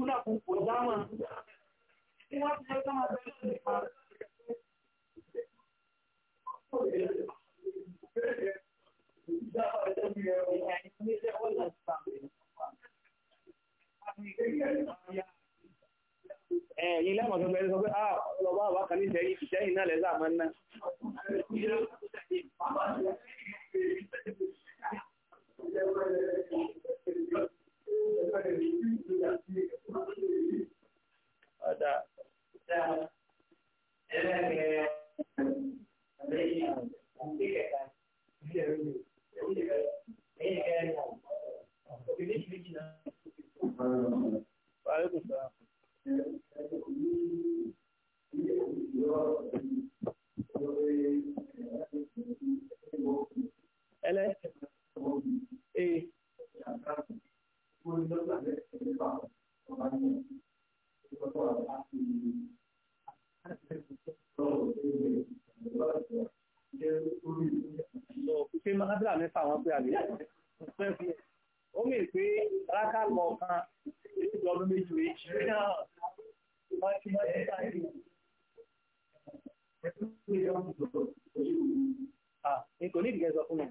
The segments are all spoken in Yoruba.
túnà kò kò dámà tí wọ́n ti jẹ́ sọ́mà bẹ́ẹ̀ lè pa. Ẹ̀yin lẹ́mọ̀ tó bẹ̀rẹ̀ sọ pé, "Ah, ọlọ́bá àbá kan ní ìṣẹ́yìn ìṣẹ́yìn náà lẹ́sà máa ń Thank you ọ̀dà. Ele é. E. 不是说感觉挺爽的，我发现这个做了他嗯，然后这个很多的一些顾虑，我不去嘛，他这两天上完不要紧，所以我每回他看我看，我都没注意，我去我去干一点。啊，你过年给他说不能。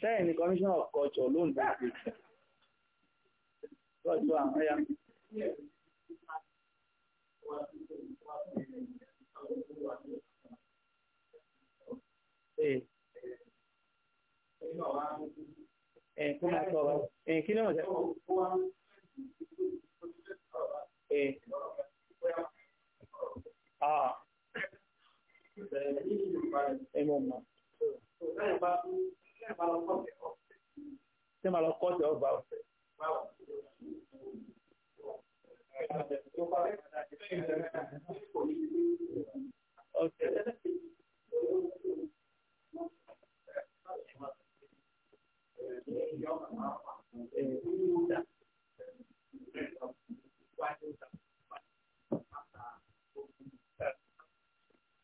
Sẹ́yìn ni Commissioner of Culture ló ń dáàbò. Tọ́jú àwọn ẹ̀yà. Ẹ kó máa sọ Ah. Ẹ mọ̀ ṣé máa lọ kọ́ọ̀tì ọgbà ọ̀sẹ̀. Okay.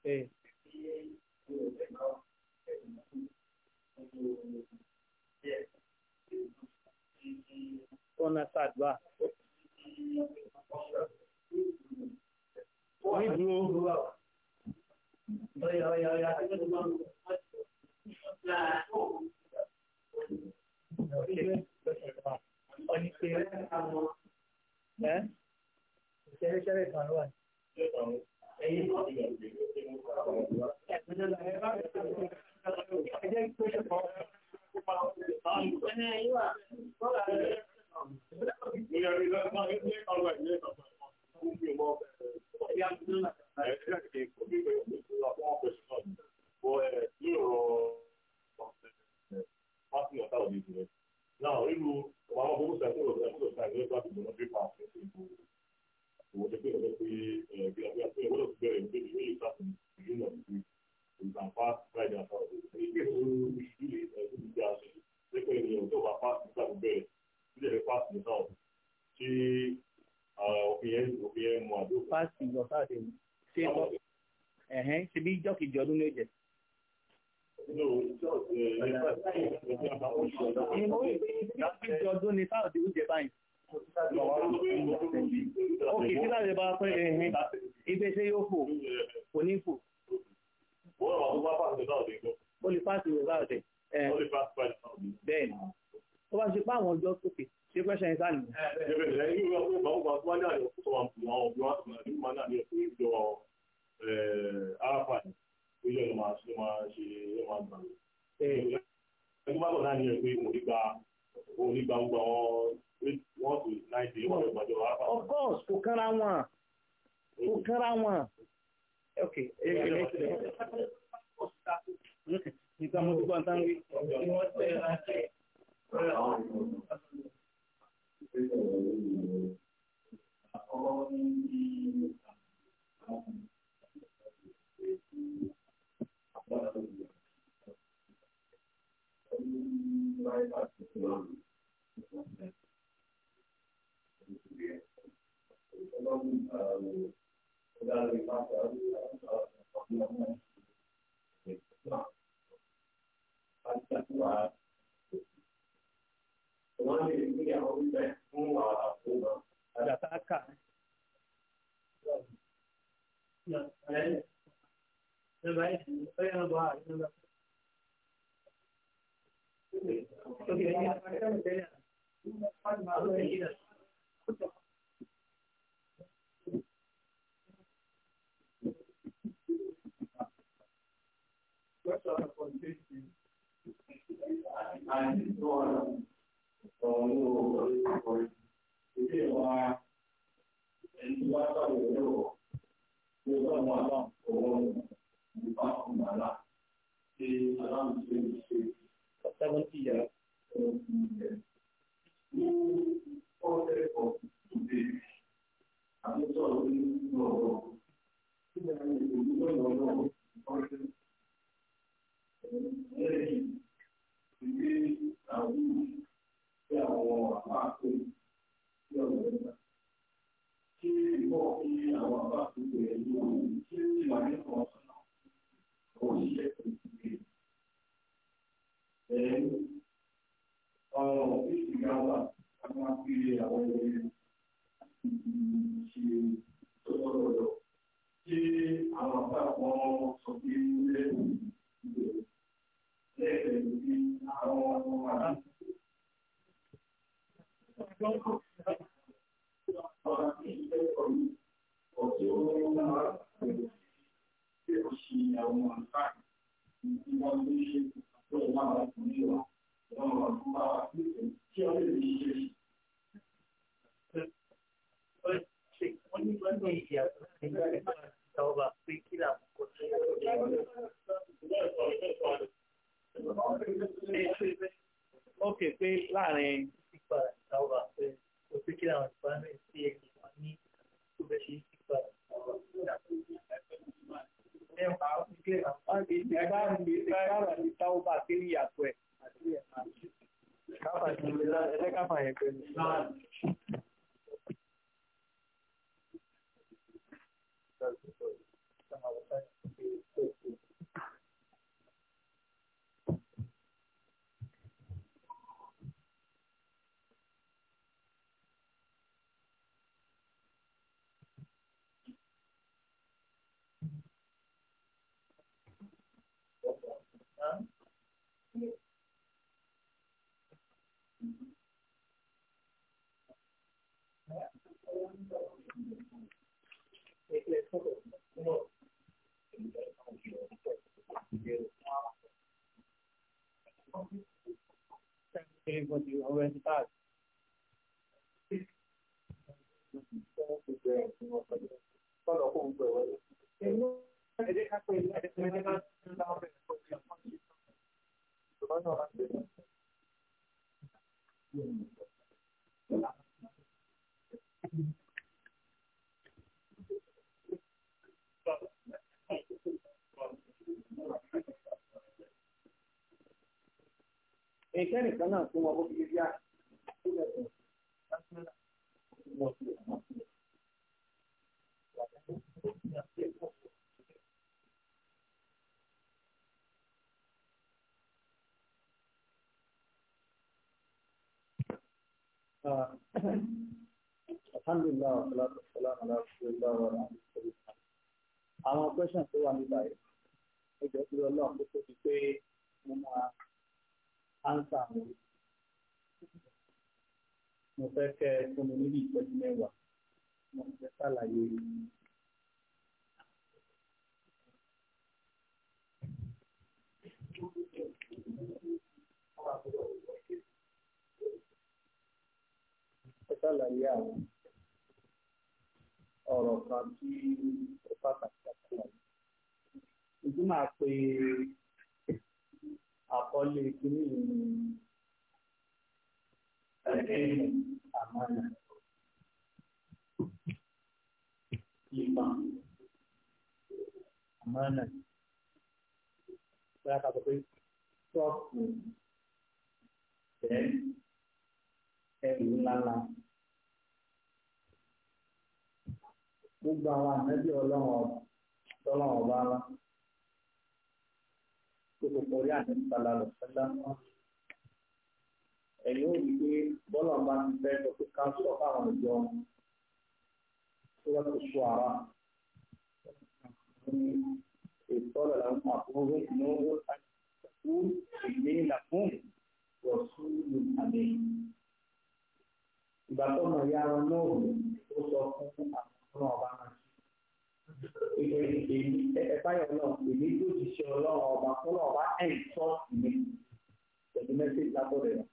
Hey ọ̀nà sàdúà onídùúró ọ̀nìpẹ̀rẹ̀ àwọn ẹ̀ ìṣẹ́rẹ́ṣẹ́rẹ́ kan ló wà ní. ẹni wá sọ̀rọ̀ lọ́wọ́ tó bá wọn you already died. kan náà fún wọn ó fi rí àná tó lẹ́sìn Alhamdulillah, salatu salam ala rasulillah wa ala alihi Àwọn question tó wà níbàyẹ̀, ó jẹ́ pé ọlọ́run tó tóbi pé mo máa ánsà mi mo fẹ́ kẹ́ ẹ fún mi níbi ìtọ́jú mẹ́wàá mo fẹ́ ṣàlàyé ẹ ṣàlàyé àwọn ọ̀rọ̀ kan tí ó pàtàkì àtàlàyé ìdí máa pe àkọlé kìíní yìí ni àmàlà ìmọ̀ àmàlà bóyá ká sọ pé ṣọ́ọ̀kù jẹ́ ẹrù ńláńlá. gbogbo àwọn ànábì ọlọ́run ọba ńlá gbogbo kọrí àdéhùnsálà lọ́sẹ̀lá ẹ̀yìn ò ní pé bọ́lá ń bá ti fẹ́ sọ pé ká sọ fáwọn ìjọ tó wá ti sọ ara ní ìtọ́lọ̀ làwọn àbúrò ìnáwó àti ìlérí làkún rọ̀sùn ní àlẹ́ ìgbà tó mọ̀ ìyá náà ó sọ fún àwọn ọba náà èmi ẹ̀fáyọ̀ náà èmi tó ti ṣe ọlọ́run ọba fọlọ́ ọba ẹ̀ tọ́ mi pẹ̀lú mẹ́sẹ̀jì látọ̀dẹ̀ rẹ̀.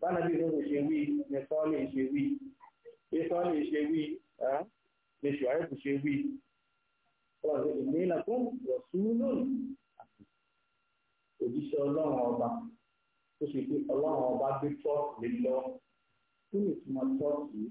bánàbí ló ń ṣe wí ní sọ́ọ́lì ṣe wí ní sọ́ọ́lì ṣe wí ní ṣùgbọ́n ṣe wí ọ̀rọ̀ ìmìnira fún ìwọ̀sùn lónìí òjíṣẹ́ ọlọ́run ọba tó ṣe pé ọlọ́run ọba gbé tọ́ọ̀tì lé lọ kí ni ìtumọ̀ tọ́ọ̀tì yìí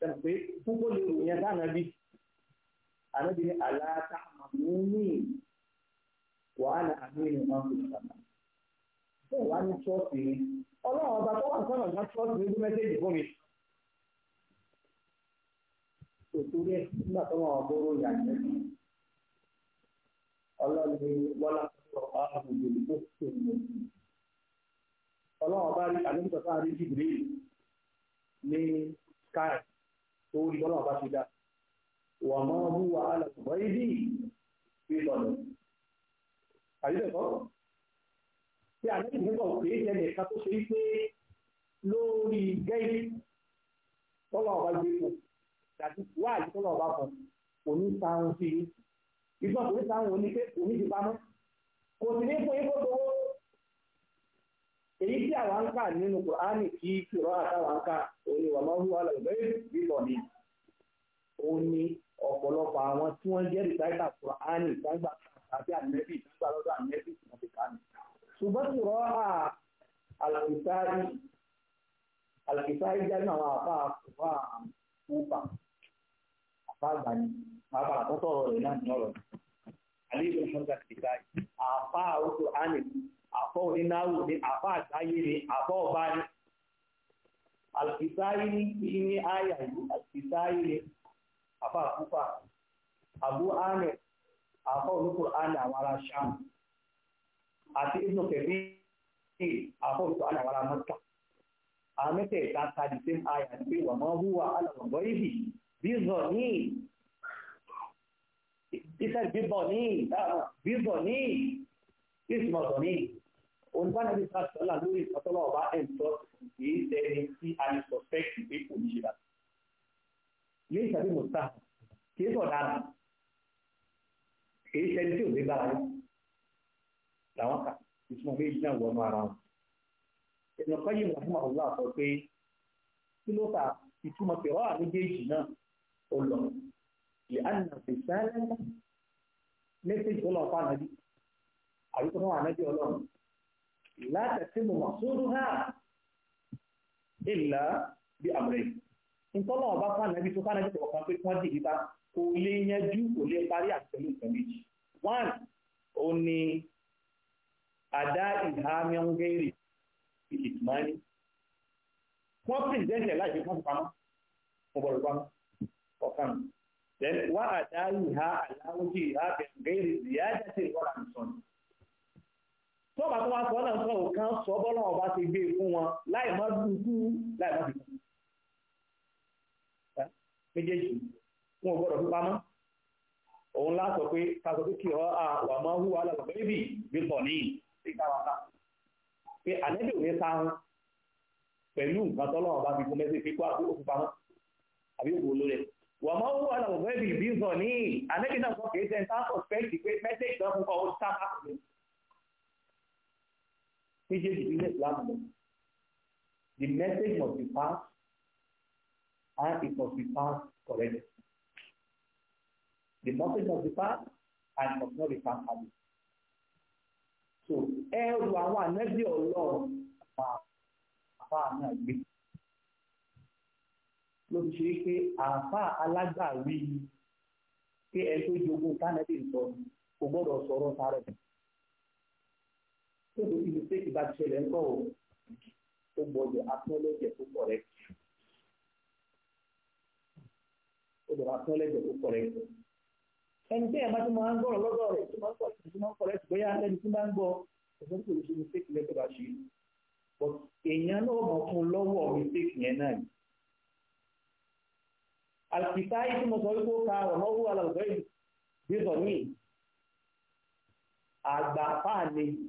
sẹ́nu pé púpọ̀ lè ròyìn sànàbí ànábì ní aláàtà àmúni wàhálà àmúni máa ń fi sànà. bẹ́ẹ̀ wá ní ṣọ́ọ̀ṣì ni ọlọ́run ọba tó wà sọ́nà ní ṣọ́ọ̀ṣì ní bí mẹ́sẹ̀jì fún mi. òtúrí ẹ̀ nígbà tó wọn ọgbọ́rọ̀ yà jẹ́ ọlọ́run ní wọ́lá ọ̀pá àbùdó tó ṣe ọlọ́run ọba rí àlejò rí jìbìrì ní sky tó rí bọ́lá ọba ti dá wà máa mú wàhálà ṣùgbọ́n ibi ìtọ̀nà àyẹ̀kọ́ tí àdéhùn nígbà òkè tẹ́lẹ̀ ká tó ṣe pé lórí gẹ́gẹ́ bọ́lá ọba gbé kù tàbí wà á bọ́lá ọba kan òní sáhùn sí i ìgbọ́n òní sáhùn òní pé òní ti pamọ́ kò sì ní fún yín kó tó wó èyí tí àwa ń kà nínú kùránì kí kúrò àtàwà ń kà òun ni wàmọ́ wúwa lọ ìgbẹ́ bíbọ̀ ni òun ni ọ̀pọ̀lọpọ̀ àwọn tí wọ́n jẹ́ rìsáìtà kùránì ìdágbà àti ànẹ́bì ìdágbà lọ́dọ̀ ànẹ́bì àti kánì ṣùgbọ́n kúrò àlàkìsáì àlàkìsáì jẹ́ nínú àwọn àfa àfa àmúpa àfa àgbàní àfa àtọ́tọ̀ ọ̀rọ̀ rẹ̀ náà ní ọ̀rọ̀ àlejò ìṣọ́jà kìsáì àfa àwọn kùránì àfọ́ onínáwó ní àfọ́ àgbáyé ní àfọ́ ọba ní alkisáyé ní ní àyà ìlú alkisáyé ní àfọ́ àkúfà àbú ánẹ̀ àfọ́ olóko ánẹ̀ àwọn ará sàm àti ibùdó kẹfí àfọ́ olóko ánẹ̀ àwọn ará mọ́tà àwọn mẹ́tẹ̀ẹ̀ta ta di same àyà ní pé wàmọ́ hùwà alàwọ̀gbọ́ ibì bí zọ̀ ní Isẹ́ bíbọ̀ ní ìdáhùn bíbọ̀ ní ìsìmọ̀tọ̀ ní olùbánibí sàtọ́là lórí ìsọtọ́lá ọba ẹ̀ńtọ́ kìí sẹ́ni tí a lè sọ̀fẹ́kì pé kò ní ṣe dà. ilé ìṣàbí mọ̀tà kìí sọ̀ dára kìí sẹ́ni tí ò lè gbára yá làwọn kà ìtumọ̀ méjì náà wọnú ara wọn. ẹ̀nà kọ́yìn ìwà fún àwọn ọlọ́wà pé kí ló fà ìtumọ̀ pẹ̀rọ àméjèèjì náà ó lọ. lè á nà fi mẹ́sẹ̀jì ọlọ́ọ̀fà nàbí لا تتم مقصودها إلا بأمرين إن طلع بقى النبي سبحانه وتعالى وكان في كون دي بقى كولي يجو كولي باري أكسلو كميج وان أني أداء إلهام يوم غيري في إتماني wọ́n pìrìsẹ́ntì ẹ̀ láì fi kán pamọ́ mo bọ̀rọ̀ pamọ́ ọ̀kan then wọ́n àdá ìhà aláwọ̀ jì ìhà bẹ̀rẹ̀ ìyá jẹ́ sí ìwọ́n àmì sọ̀rọ̀ tó bá tó wá sọ náà sọ òkan sọ bọ́lá ọba ti gbé e fún wọn láì má dúkú láì má dúkú méjèèjì wọn ò gbọ́dọ̀ pamọ́ òun láàtọ̀ pé kásọ̀ pé kí ọ àwà máa hú alábọ̀ bébì bí pọ̀ ní ìgbàwàká pé àlẹ́bí ò ní pẹ̀lú nǹkan tọ́lọ́ ọba fi fún mẹ́sì pípọ́ àbí òkú pamọ́ àbí òkú olórẹ̀ wà máa hú alábọ̀ bébì bí pọ̀ ní àlẹ́bí sọ kìí sẹ́ńtà sọ̀spẹ́kì pé mẹ́sẹ̀jì náà fún kọ́ ó sábà méjèèjì nílẹ̀ ìsìlámù lọ the message must be passed and it must be passed correctly the message must be passed and it must not be passed away so everyone, àwọn ànẹ́bí ọlọ́run àfa náà gbé ló fi ṣe é pé àfa alágbàwí pé ẹ tó jogún kánẹ́bí sọ kò gbọ́dọ̀ sọ̀rọ̀ sáré tó ló fi mistake bá ṣẹlẹ̀ ńkọ́ o ó gbọ́dọ̀ akọ́lẹ́jẹ̀ tó correct ó gbọ́dọ̀ akọ́lẹ́jẹ̀ tó correct ẹni tí ẹ̀ bá tó máa ń gbọ́rọ̀ lọ́dọ̀ rẹ̀ tó máa ń kọ́ ẹ̀sìn tó máa ń kọ́ ẹ̀sìn bóyá lẹ́ni tí bá ń gbọ́ ẹ̀sìn tó ló fi mistake lẹ́tọ̀ bá ṣe but èèyàn náà mọ̀ fún lọ́wọ́ mistake yẹn náà ni àlùkìtá yìí tí mo sọ wípé ó ka ọ̀nà owó alàgbẹ́ yìí bí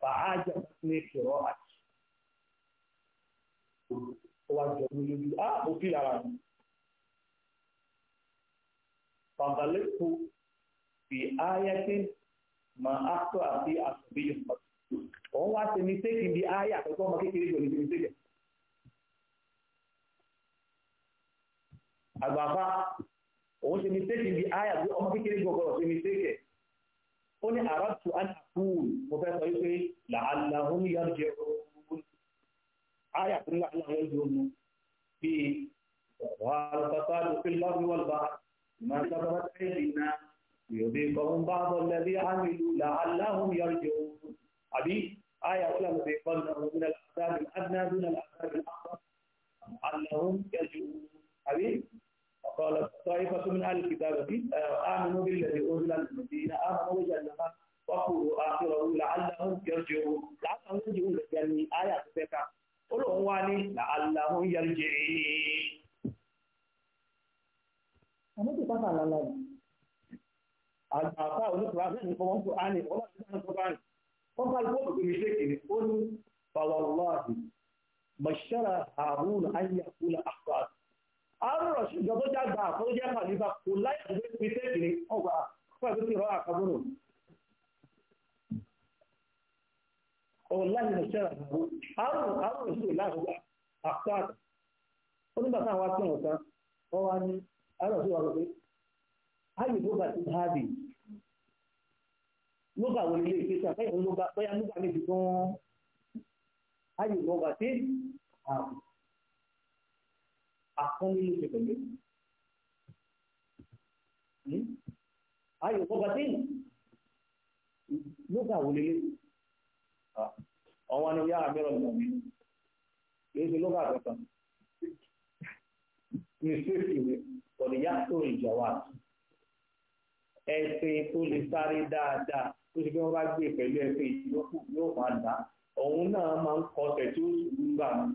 fàájà ní kìrọ àti wà jọ ní lójú á mo fi ara mi fàbàlẹ́kù fi ayẹ́tì máa ákọ́ àti àtúbíyọ̀ òun wá ṣe mistake bí ayé àkọ́kọ́ ọmọ kékeré jọ ní mistake àgbàfà òun ṣe mistake bí ayé àti ọmọ kékeré jọ gbọ́dọ̀ ṣe mistake قل أردت أن أقول وبيت أيضا لعلهم يرجعون آية لعلهم يرجعون في وقال فقال في الله والبحر ما كبرت أيدينا ليذيقهم بعض الذي عملوا لعلهم يرجعون أبي آية أولى نذيقنه من الأحزاب الأدنى دون الأحزاب الأخرى لعلهم يرجعون أبي وقالت طائفة من أهل الكتاب آمنوا بالذي أنزل على المدينة آمنوا وجه النهار وقولوا آخره لعلهم يرجعون لعلهم يرجعون للجنة آية سبعة قلوا واني لعلهم يرجعون Àwọn tó pátá lálẹ́ yìí. Àgbàfà oníkùnrin àti ẹnìkan wọn kò ánì, wọ́n máa ti dáná tó bá rìn. Wọ́n ká lóko òkè mi ṣe kìíní, ó ní Fàwọ̀lọ́ọ̀dì. Bàṣẹ́ra Harun Ayakula Akwáàdì àárọ̀ ṣùgbọ́n tó dàgbà tó jẹ́ kàlífà kò láì tó fi tẹ́kìrì ọgbà fún ẹgbẹ́ ìrọ̀ àkàbọ̀rọ̀ ọ̀láyìn ìṣẹ́ra àárọ̀ àárọ̀ ìṣẹ́ ìlàrúgbà àpáàdà onígbàtà wa tí wọ́n tán wọ́n wá ní àárọ̀ sí wa pé ayò ló bá ti hábì ló bá wọlé ilé ìgbésà fẹ́yìn ló bá bóyá nígbà méjì gan-an ayò ló bá ti akọ́nilé ṣe pẹ̀lú. ayò kọ́ba tí ló gbà wọlé lé ọwọ́ ni yára mẹ́rọ lọ mí kì í ṣe ló gbà pẹ̀tọ̀ ní sèkì rẹ̀ ọ̀nìyá tó ìjọba ẹsẹ̀ tó lè sáré nama tó ṣe bí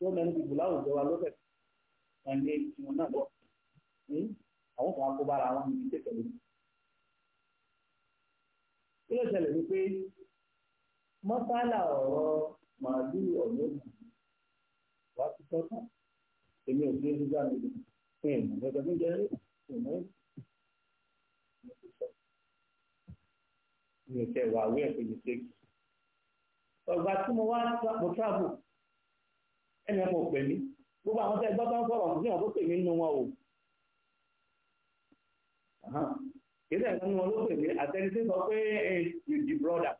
tó mẹ́rin dìbò láwùjọ wa lọ́sẹ̀ kan ní ìwọ̀n náà lọ àwọn kan kó bára wọn níbi tẹ̀sẹ̀ lónìí. kí ló ṣẹlẹ̀ ni pé mọ́sálà ọ̀rọ̀ màálù ọ̀nà ògùn wá ti tọ́ tán èmi ò gbé nígbà mi lò fún ìmọ̀ gẹ́gẹ́ bí jẹ́ ìmọ̀ mi ò tẹ̀ ẹ̀ pé mi ṣe. ọ̀gbà tí mo wá mo travel ẹni ọmọ òpè mí gbogbo àwọn tẹ́ gbọ́tọ́ ń sọ̀rọ̀ sí ọ̀tọ́ pè mí nínú wọn o kìí sẹ́yìn nínú wọn ló pè mí àtẹni tí sọ pé the brother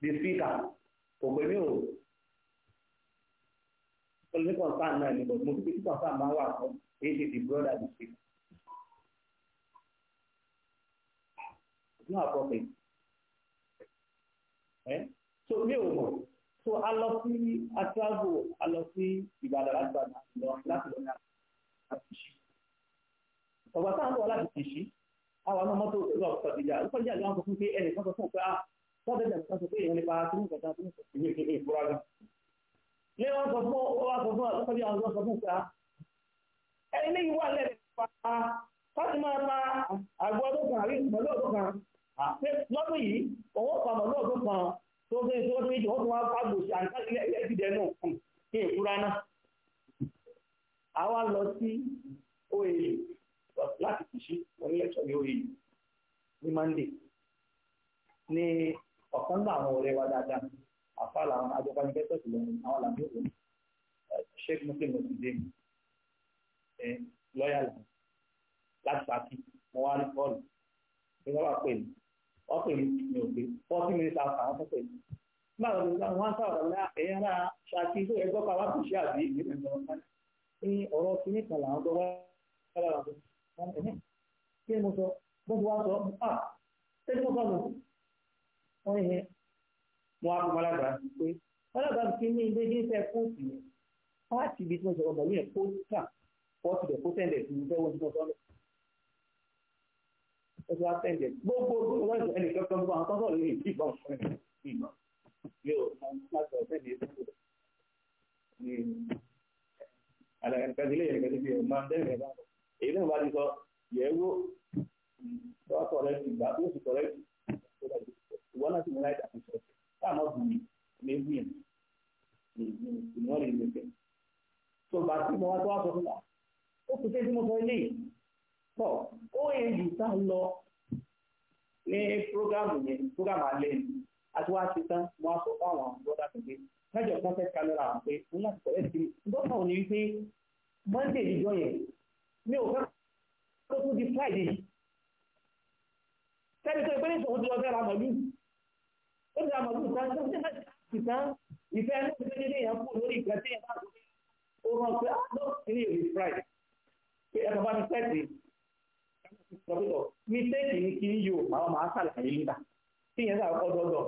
the speaker kò pè mí o olùdí concern náà ni mo fi kí concern máa wà fún èyí the brother the speaker. It's not appropriate. Eh? So mi ò mọ̀ so a lọ sí atrago a lọ sí ìbàdàn láti bàdàn láti lọ ní àtúnṣe ọgbà táwọn bọ̀ láti tìṣí àwọn ọmọ mọ́tò pẹ̀lú ọ̀pọ̀ ìjà ìpọ̀ ìjà ìjọ àwọn fún pé ẹnì kan sọ fún pé a ah, tọ́jú ìjà kan sọ pé èèyàn nípa tí nǹkan kan tí nǹkan kan ìwé ìwé ìfura gan. ilé wọn sọ fún ọ wá sọ fún ọ tọ́jú àwọn sọ fún pé a ah, ẹni ní ìwà lẹ́rẹ̀ pa pa àgbo tó ń sẹ́yìn tó wọ́n tó méjì wọ́n tó wọ́n pàgbò sí àǹtàlẹ́ ẹ̀ẹ́dìdẹ́ náà kùn hmm. kí èkúra náà àwa lọ sí oèlè láti kìsí wọn lẹ́tọ̀ ní oèlè ní mande ní ọ̀kan náà àwọn ọ̀rẹ́ wa dáadáa àfa làwọn ajọpanipẹ́tọ̀ sí lọ́wọ́ àwọn làbí òun sheikh muslim muslim lọ́yà làwọn láti pàtì wọn wá ní kọ́ọ̀lù ní wọ́n wá pè mí ọkùnrin mi mi ò gbé forty minutes after wọn fẹsẹ̀ mi. báwo ni wọn sọ̀rọ̀ lá ẹ̀yà ara ṣáàtì tó ẹgbọ́ pa wá kò ṣe àbí ìgbésẹ̀ ìjọba ká ní ọ̀rọ̀ kìíní kan làwọn gbọ́ wá kí ni mo sọ bó ti wá sọ à ah, ṣé kí mo sọ nù. wọ́n yẹ mo á fún ọlọ́gbà pé ọlọ́gbà kí ní ilé ní iṣẹ́ kóòtù yẹn wọ́n ibi tí mo sọ̀rọ̀ pẹ̀lú yẹn kóòtù kà kóòtù rẹ̀ kó tẹ̀lé ìfún ẹgbẹ́ àtẹ̀jẹ̀ gbogbo ọlọ́ọ̀sẹ̀ ẹnì kẹ́kọ̀ọ́ gbogbo àwọn tọ́sọ̀ lórí ìbọn fún ìmọ̀ mi ò mọ láti ọ̀sẹ̀ ní ìdúró ní àlàkàtìlẹ̀ yẹn kẹ́kẹ́ bí ọmọ ẹ̀rẹ̀ bá èyí náà bá ti sọ yẹ̀wò tọ́wọ́ kọ̀rẹ́tì gbà ó sì kọ̀rẹ́tì ìwọ náà sì mú láì dàbí sọ táàmọ́ bùnmi ní ebú yẹn ìmọ̀ rẹ̀ ìgbẹ́kẹ̀ tó bá tí mo wá tó wá sọ fún wa ó pọ̀ ó èyí tá lọ ní prógámù yẹn prógámù alẹ́ yìí àti wá ti tán wọn sọ fún àwọn bọ́dà tó gbé mẹ́jọ kan fẹ́ kámẹ́rà wọn pé wọn láti pẹ̀lẹ́ sí i gbọ́dọ̀ wọn ni wípé monday ìjọ yẹn mi ò fẹ́ kó tó di friday sẹ́ni tó ìpínlẹ̀ ìṣòwò ti lọ fẹ́ ra mọ̀lú ó ti ra mọ̀lú kan tó ti fẹ́ ìtàn ìfẹ́ ẹni tó ti dé yẹn kú lórí ìgbà tí yẹn bá tó ó rán pé ó sí ní èrè friday pé ẹ̀ lọ́pọ̀ mistake ni kí yóò àwọn máa ṣàlàyé nígbà kí yẹn sàkọ́ dọ́dọ̀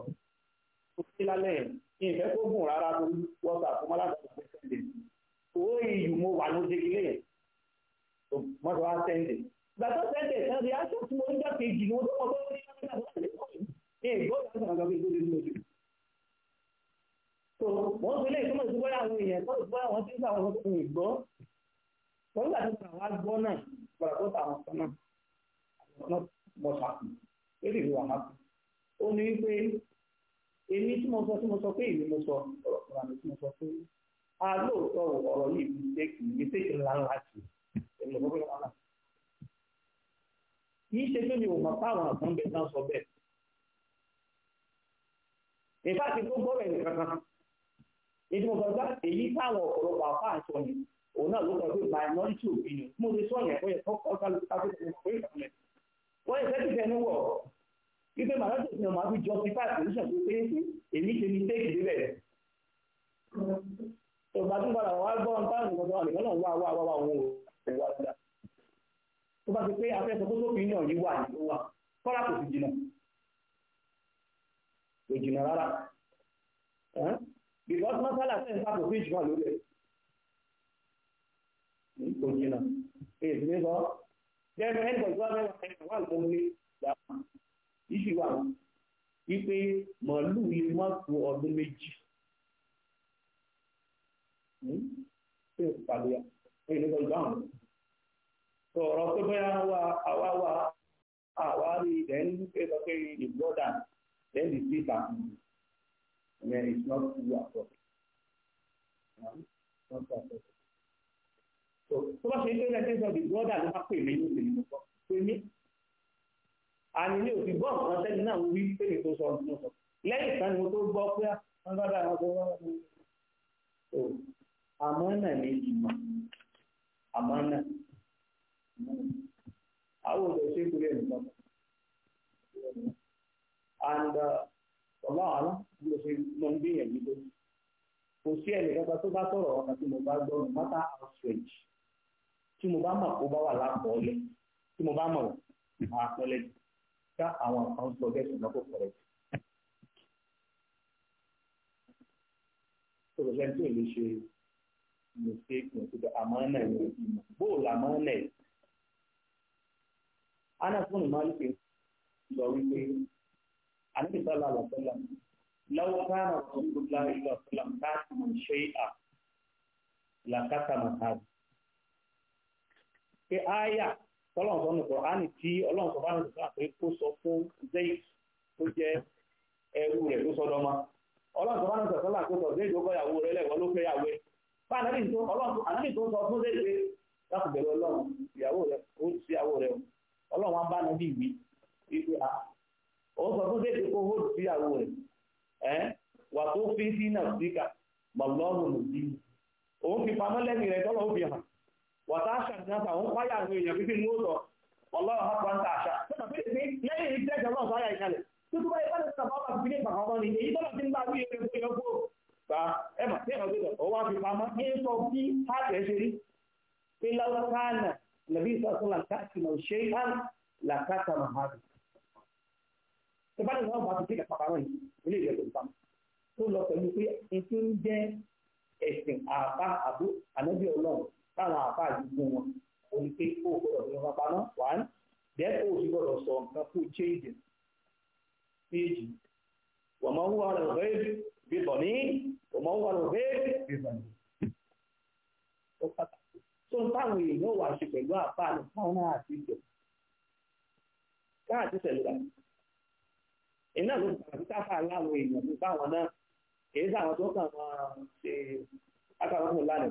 ó sí lálẹ́ ìfẹ́ tó gùn rárá tó whatsapp fún aláàbò tó sẹ́ndẹ̀ owó ìyù mo wà ló dégilé yẹn tó mọ́tò wá sẹ́ndẹ̀ ìgbà tó sẹ́ndẹ̀ tán rí aṣọ tí mo ń jẹ́ kejì ni mo tó kọ́ tó ní ìgbà tó ní so wọ́n fi léyìn túmọ̀ sí bóyá àwọn èèyàn tó bóyá wọ́n ti ń sàwọn ohun ìgbọ́ wọ́n gbà tó sàwọn agbọ́ náà gbọ́dọ̀ not what happened really what happened ó ní wípé èmi tí mo sọ tí mo sọ pé èmi mo sọ ọ̀rọ̀ fúnra mi tí mo sọ pé a lóòótọ́ ọ̀rọ̀ yìí mistake mistake ńlá ńlá sí èmi ò gbọ́dọ̀ wà kì í ṣe pé mi ò mọ̀ fáwọn àkàn bẹ́ẹ̀ náà sọ bẹ́ẹ̀ ìfá ti tó gbọ́rọ̀ ẹ̀yìn kankan èyí gbọ́dọ̀ èyí táwọn ọ̀pọ̀lọpọ̀ àfáà sọ yìí òun náà ló sọ pé minority opinion mo lè sọ yẹn pé ẹ̀kọ́ kọ́ wọ́n yẹ sẹ́kì fẹ́ níwọ̀ wípé màá tó fi hàn máa fi justify position tó pé èmi ṣe mistake débẹ̀. tó padà gbọ́ nǹkan tó wà nìkan náà ò tó bá ti pé afẹ́sọ tó tóbi náà wà kọ́lá kò sì kò rárá. sẹ́yìn sáà kò sí lẹ́nu ẹ̀ńdọ̀ ìwà mẹ́wàá ẹ̀ńdọ̀ wà lọ́wọ́ lé ìyàwó ìṣù wà wọ́n wípé màálù lè má tó ọdún méjì hmm? ṣé o pàdé ẹ̀yìn nígbà ìdáhùn sọ̀rọ̀ pé bóyá wa àwa wa àwa rí then ẹ sọ pé the brother then the sister and then it's not true at all. Hmm? Not true at all tó bá ṣe ń tẹ́lẹ̀ tẹ́lẹ̀ sọ́ọ̀dì bọ́dà ló bá pè mí ní òsèlú mọ́ pé mí àní ní òsì gbọ́ nǹkan sẹ́ni náà wí pé ètò sọ ọdún náà sọ lẹ́yìn ìtàn ni mo tó gbọ́ pé ah, wọ́n bá dáa wọn tó wọ́n tó àmọ́ náà ní ìmọ̀ àmọ́ náà àwọn òṣèlú ṣe kúrẹ́ nìkan and uh, ọlá àlá bí o ṣe mọ ń gbìyànjú tó kò sí ẹnìkan tó bá sọ̀rọ̀ ọ̀kan tí mo bá gbọ́ mọ́tà outrage tí mo bá mọ̀ kó bá wà lápọ̀ọ́lẹ̀ tí mo bá mọ̀ máa pọ́lẹ̀ ká àwọn kan sọ bẹ́ẹ̀ ṣùgbọ́n kò pọ̀lẹ̀ sọ̀rọ̀ sẹ́ni tí ò lè ṣe mistake ní ìpínlẹ̀ àmọ́nà ní ìmọ̀ bóòlù àmọ́nà yìí. anáfóònù máa ń pè sọ wípé àníbìsọ́lá àlọ́sọ́lá lọ́wọ́ káàrọ̀ tó ń gbọ́dọ̀ ìlọ́sọ́lá káàkiri ṣe é à làkàtà màkàtà. pé áyà tọ́lọ́run sọ nù kọ̀ọ̀ránì tí ọlọ́run sọ fáwọn kó sọ fún zayt tó ẹrú tó sọ sọ fáwọn kó sọ zayt ó lẹ́wọ́ ló tó sọ fún zayt pé láti bẹ̀rẹ̀ ọlọ́run ìyàwó ó ti sí bá nàbí ìwí wípé a ah, ó sọ fún zayt kó hó sí ìyàwó wà tó fi sí wọ̀tá ṣàtìyànfà ń páyà àwọn èèyàn fífí ní ó sọ ọlọ́run ha pàǹtà àṣà lẹ́yìn ìtẹ́jọ náà sáyà ìkàlẹ̀ tó tó báyìí pàdé sàbá wà fífí ní ìpàkọ́ ọmọ ni èyí tọ́lá ti ń bá bí ẹgbẹ́ ẹgbẹ́ ẹgbẹ́ gba ẹmà tí ẹ̀rọ gbẹ̀dọ̀ ọwọ́ àfi pamọ́ ní sọ bí káàkiri ṣe rí pé láwùkánà lẹ́bí ìsọ̀tún làkàtì náà ṣe é hàn làkàtà màhàbì tó bá ní sọ́wọ́n bá ti kéka pàpàrọ̀ yìí ilé ìwé tó ń pamọ́ tó lọ pẹ̀lú pé ètò ẹ̀sìn àbá àbú ànábì ọlọ́run táwọn àfa yìí mú wọn o ní pé kó o gbọ́dọ̀ fi wọn pamọ́ wàá bẹ́ẹ̀ kó o sì gbọ́dọ̀ sọ nǹkan kó o change péjì wọ́n mọ̀ wúwa lọ rẹ́ bíbọ̀ ní wọ́n mọ̀ wúwa lọ rẹ́ bíbọ̀ ní. ó pàtàkì tó ń táwọn èèyàn wà ṣe pẹ̀lú àfa ní fáwọn náà àti ìjọ káàtì sẹ̀lú rà ló ń tàbí káfà láwọn èèyàn ní báwọn náà èyí sáwọn tó kàn máa ṣe látàwọn fún lánàá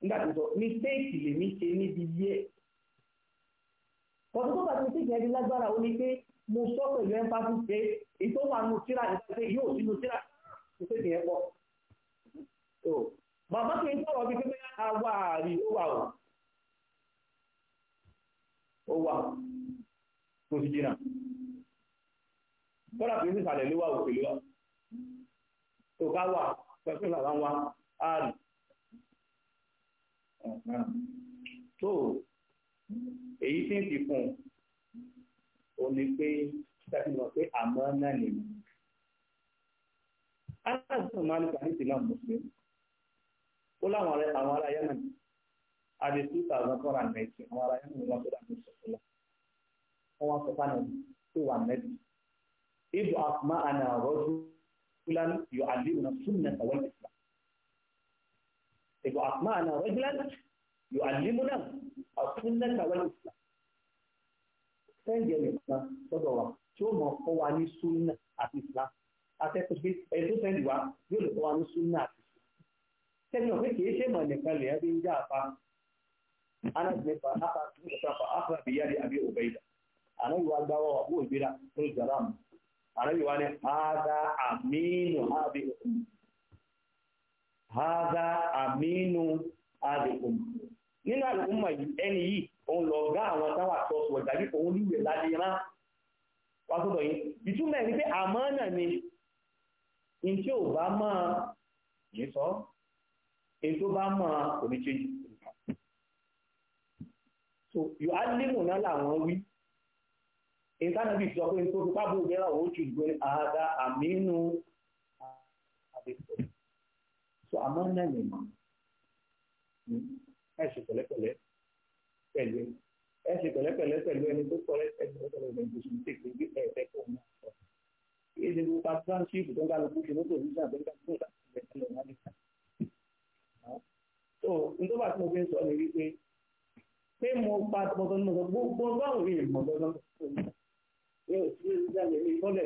nígbà n'i Steeti mistake lèmi ṣe níbi tó bá mistake yẹn di lágbára ó ní pé mo sọ pẹ̀lú ẹ́ńpáàtì pé ètò wà nù síra pé yóò sínú síra mistake yẹn kì í pé àrí ó wà ó wà kò sì jìnnà wà wà tó ká wà làwọn tó èyí tí ń fi kún o ní pé sábì mọ̀ pé àmọ́ náà nìyí. aláàbò máa ń pa ní ìsìnlá mùsùlùmí ó láwọn àwọn ará yánà àti two thousand four and ninety àwọn ará yánà wọn tó dàbí sọ̀tún lọ wọn sọ fánà tó wà nẹ́bí. ibu asma ana rọ́jú fúlàní yóò àdéhùn náà súnmọ́ ẹ̀sán wọ́n ti fà. إذا أطمعنا رجلا يعلمنا السنة والإسلام sẹ́ǹdì ẹnìkan sọ́dọ̀ wa tí ó mọ̀ kọ́ wa ní súnà àti Islam atẹ́kùn pé ẹni tó sẹ́ǹdì wa yóò lè kọ́ wa ní súnà àti Islam. sẹ́ni ọ̀pẹ kìí ṣe mọ̀ nìkan lè ẹbí ń já apá anásìmẹ́fà afáàfà afáàbíyáde àbí òbẹ́ìdà ànáyìí wa gbáwọ́ àbúrò ìgbéra lórí jàrá mu ànáyìí wa ní àádá àmínú àbí òkú haza aminu adìkùn nínú àlùkùnmọ̀ ẹni yìí òun lọ gá àwọn táwọn àtọ́sù ọ̀jà bí òun lúwẹ̀ lálé rán wá sọ́dọ̀ yìí ìtumọ̀ ní pé àmọ́ náà ni in tí ò bá mọ́ yìí sọ in tó bá mọ́ kò ní ṣe yìí so yóò á lémù náà làwọn wí ìtànàbí sọ pé tó fipá bó bẹ́rà ó jù gbé àádá àmínú àbẹ̀sọ̀ tó àmọ́ náà lè mọ̀ ẹ ṣe pẹ̀lẹ́pẹ̀lẹ́ pẹ̀lú ẹ ṣe pẹ̀lẹ́pẹ̀lẹ́ pẹ̀lú ẹni tó kọ́ ẹ ṣe pẹ̀lẹ́pẹ̀lẹ́ pẹ̀lú ẹni tó ṣe pé ẹ̀ẹ́dẹ́ kò mọ̀ ọ́ kí ni wọ́n pa transcript tó ń bá lọ kó ṣe lóko nígbà tó ń bá tó ń bá tó ń bá tó ń bá tó nítorí àti mo fi ń sọ ni wípé ni ìmọ̀ lọ́dọ́ yóò sí ìdájọ́ ìfọ́lẹ̀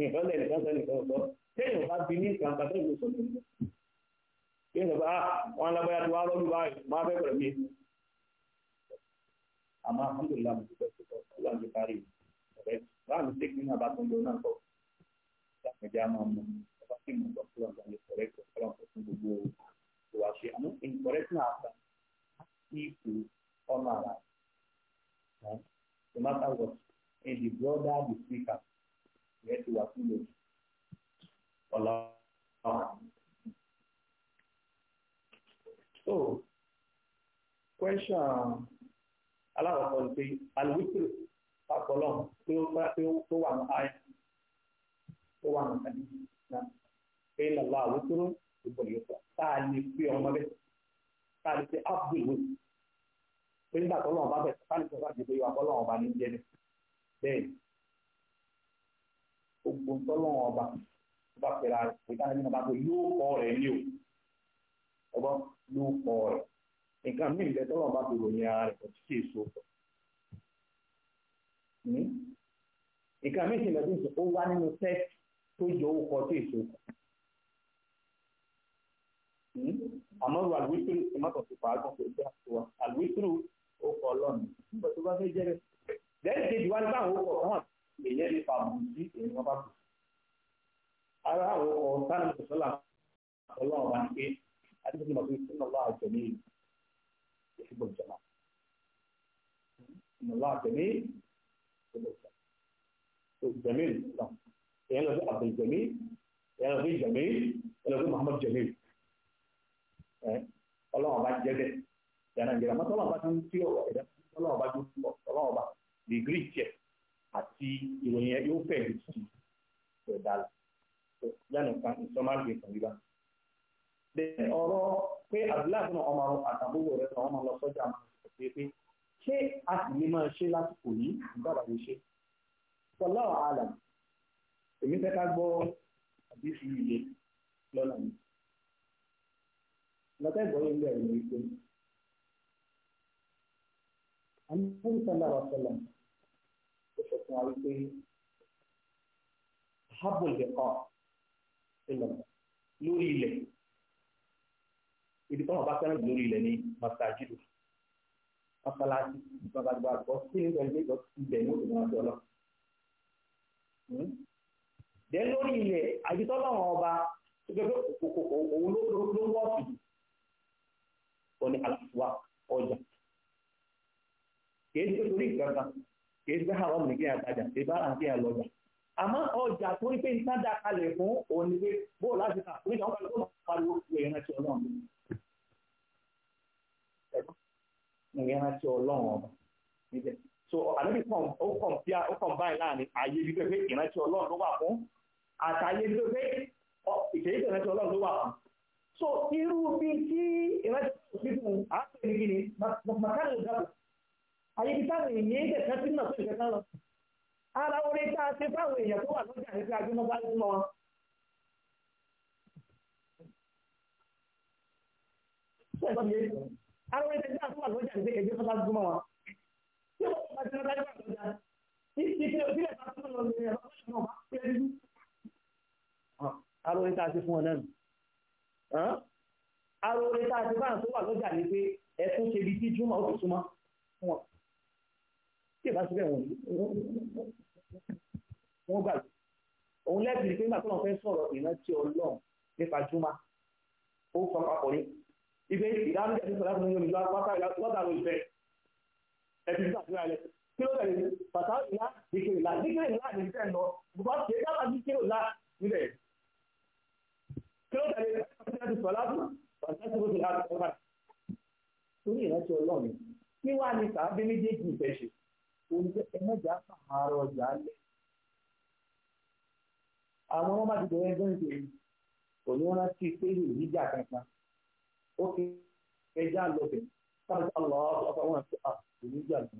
ìdájọ́ téèyàn bá bí ní ìkàǹkà tó ìlú sókè téèyàn bá ah, wọn lágbára tí wọn rọlù báyìí máa fẹ́ mi. àmọ́ alhamdulillah mo dúpẹ́ tó tọ́ ọlọ́run ti parí ọ̀rẹ́ báà mi tẹ́kí ní àbátan ló náà kọ́ ìdájọ́ máa mú ọba tí mo sọ fún ọ̀gá ní correct ọlọ́run tó fún gbogbo ìwà ṣe àmọ́ incorrect náà ta ipò ọmọ àrà no matter what in the brother the speaker yẹ ti wà fún lòdì. Wallahu So, question aláwọ̀kọ́ ni pé àlùwítì pàpọ̀lọ́ pé ó wà ní ayé tó wà ní kàdí náà pé lọ́la àwítúrú ìbọn yóò sọ táà lè pé ọmọ bẹ́ẹ̀ táà lè pé abdul wò pé nígbà tó lọ́wọ́ bá bẹ̀ táà lè sọ fún àgbègbè ìwà bọ́lọ́wọ́ bá ní jẹ́ bẹ́ẹ̀ gbogbo tọ́lọ́wọ́ ọba tó bá pera rẹ̀ pé káàdì náà bá pé yóò kọ́ rẹ̀ ní o ọgbọ́n yóò kọ́ rẹ̀ nǹkan mí ìlẹ̀ tọ́lọ̀ bá gbòòrò ní ara rẹ̀ kò tí kìí so pọ̀ hmm? nǹkan mí ìlẹ̀ tó ń sọ ó wá nínú tẹ́ẹ̀tì tó jọ ó kọ tí èso pọ̀ àmọ́ ru àlùwítírù ti má tọ̀sí pàápàá tó jẹ́ àtúwà àlùwítírù ó kọ lọ́nà nígbà tó bá fẹ́ jẹ́rẹ̀ lẹ́yìn kejì wá ní báwọn ó kọ̀ ara àwọn ọ̀sán ìṣọ́lá ọlọ́run bá ní pé àdúgbò tí mo fi sínú ọlọ́ àjẹmí ìṣubú ìjọba sínú ọlọ́ àjẹmí ìṣubú ìjọba tó jẹmí ìṣubú ìyẹn lọ sí Abdul jẹmí ìyẹn lọ sí jẹmí ìyẹn lọ sí Muhammad jẹmí ọlọ́run bá jẹ́ bẹ́ẹ̀ yàrá ìjẹ̀rà mọ́tò ọlọ́run bá ti ń tí ọ̀rọ̀ ẹ̀dá ọlọ́run bá ti ń tí ọlọ́run bá dìgírì tiẹ̀ àti ìròyìn yóò fẹ̀ lù yánìkan ìsọmágbèsàn rí bá ọ̀rọ̀ pé abdullahi náà ọmọ àtàbúrò rẹ̀ náà ọmọ lọ sọ́jà pé pé ṣé a sì lè máa ṣe lásìkò yìí ìgbàgbà lè ṣe wallahu alam èmi fẹ́ ká gbọ́ àbí fi iye lọ́nà mi lọ́tẹ́ ìgbọ́yé ń bẹ̀rẹ̀ ní wípé àmì sọ́lá wa sọ́lá ó sọ fún wa wípé habul liqa sallam lórí ilẹ̀ ibi táwọn bá fẹ́ràn lórí ilẹ̀ ní masajidu masalasi gbàgbàgbà gbọ́ sí ní ìgbàgbé ìjọ ibẹ̀ ní òdòdó àjọ lọ. dẹ́ hmm? lórí ilẹ̀ àjùtọ́ náà ọba tó jẹ́ pé òun ló wọ́ sí ọ ní àlàfíà ọjà kì í torí ìgbàgbà kì í àwọn ọmọ nìkan àtàjà kì í bá àwọn àti àlọ́jà àmọ́ ọjà tó ń pè ní sáńdà kalẹ̀ fún òun ni pé bó láti kà oríṣi àwọn kalẹ̀ tó máa pariwo ìwé rántí ọlọ́run ìwé ọlọ́run níbẹ̀ so àlẹ́bí kan ó kàn bí ó kàn báyìí láàrin ayé bíbẹ́ pé ìrántí ọlọ́run ló wà fún àtàyé bíbẹ́ pé ìṣèyí ìrántí ọlọ́run ló wà fún so irú bí tí ìrántí ọlọ́run á pè ní kí ni màkàlù dàbò àyè bí táwọn èèyàn ń tẹ̀sán sínú ara orin tá a ṣe fáwọn èèyàn tó wà lọ́jà ní pé agbẹ́mọ́ bá ń lọ. ara orin tá a ṣe wà lọ́jà ní pé agbẹ́mọ́ bá ń gbọ́mọ́ wọn. tí wọ́n bá ti lọ́jà ní lọ́jà títí tí o sílẹ̀ bá tún lọ lórí ẹ̀rọ ọ̀ṣun náà bá pẹ́ lú. Ah, ara orin tá a ṣe fún ọ náà nù. ara orin tá a ṣe fáwọn tó wà lọ́jà ní pé ẹ̀sùn ṣe bí tí júmọ̀ ó fi súnmọ́ fún ọ. tí ì bá síbẹ̀ wọ̀nyí wọ́n gbàgbé òun lẹ́sìn pé nígbà tó wọn fẹ́ sọ̀rọ̀ ìrántí ọlọ́run nípa júmọ́ ó sọ papọ̀ ní ibi ìdánilẹ̀ tó sọ̀rọ̀ fún yorùbá pátá lọ́dà ló ìfẹ́ ẹ̀sìn tó àdúrà rẹ̀ kí ló tẹ̀lé bàtà ìlà dìkìrì ìlà dìkìrì ìlà ní ìfẹ́ lọ bùbá ṣe é dábàá dìkìrì ìlà nílẹ̀ kí ló tẹ̀lé bàtà ti sọ̀rọ̀ láti bàtà ti sọ̀rọ̀ láti sọ̀rọ̀ torí ìrántí ọlọ́run kí wàá ní sàábé méjèèjì ìfẹ́ ṣe oníṣẹ́ ẹ̀mẹ́jà pààrọ̀ ọjà lẹ̀. àwọn ọmọ bá ti bẹ̀rẹ̀ ẹgbẹ́ ìṣèlú kò ní wọn ti pé ìjà kankan ó fi ẹja lọ́bẹ̀ káàkiri àlọ́ ọ̀pọ̀ wọn àti àìníjà lọ.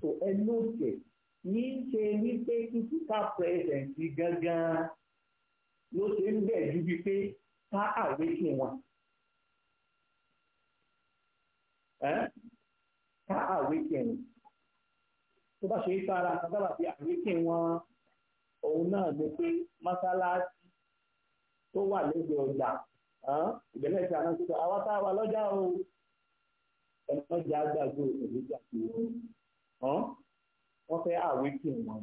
tó ẹnu òkè ní ṣe ní pé títí ká pẹ́sẹ̀ǹtì gangan ló ṣe ń bẹ̀ ju bíi pé ká àwé sí wọn ká àwékẹ̀ ni tó bá ṣe é sára sábà bí àwékẹ̀ wọn òun náà ló pé mọ́sálásí tó wà lóde ọjà ìbẹ̀lẹ̀ tí a náà sọ àwa tá a wà lọ́jà o ẹ̀nà ọjà gbàgbé òṣèlú gbàgbé wọ́n fẹ́ àwékẹ̀ wọn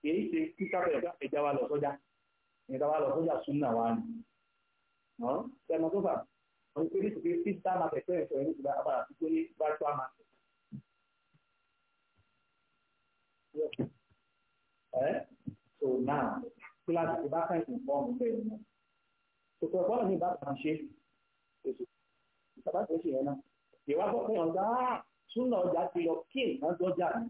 kìí ṣe kí káfíńtà ẹja wa lọ sọ́jà ẹja wa lọ sọ́jà súnà wa ni ẹ̀nà tó fà Àwọn ìpínlẹ̀ ìpínlẹ̀ fiscal market fẹ́ ẹ̀sọ̀ ẹ̀rú ìgbà abala àti tó ní virtual market. Ẹ́ so now kíláàsì tí bá kàn ìsìn fọ́ọ̀mù bẹ́ẹ̀ ni. Tòkò ẹ̀kọ́ mi bá kàn ṣe èso. Bàbá tó ṣe yẹn náà. Ìwà gbọ́ pé ọ̀gá súnà ọjà ti lọ kí èèyàn dọ́jà ni.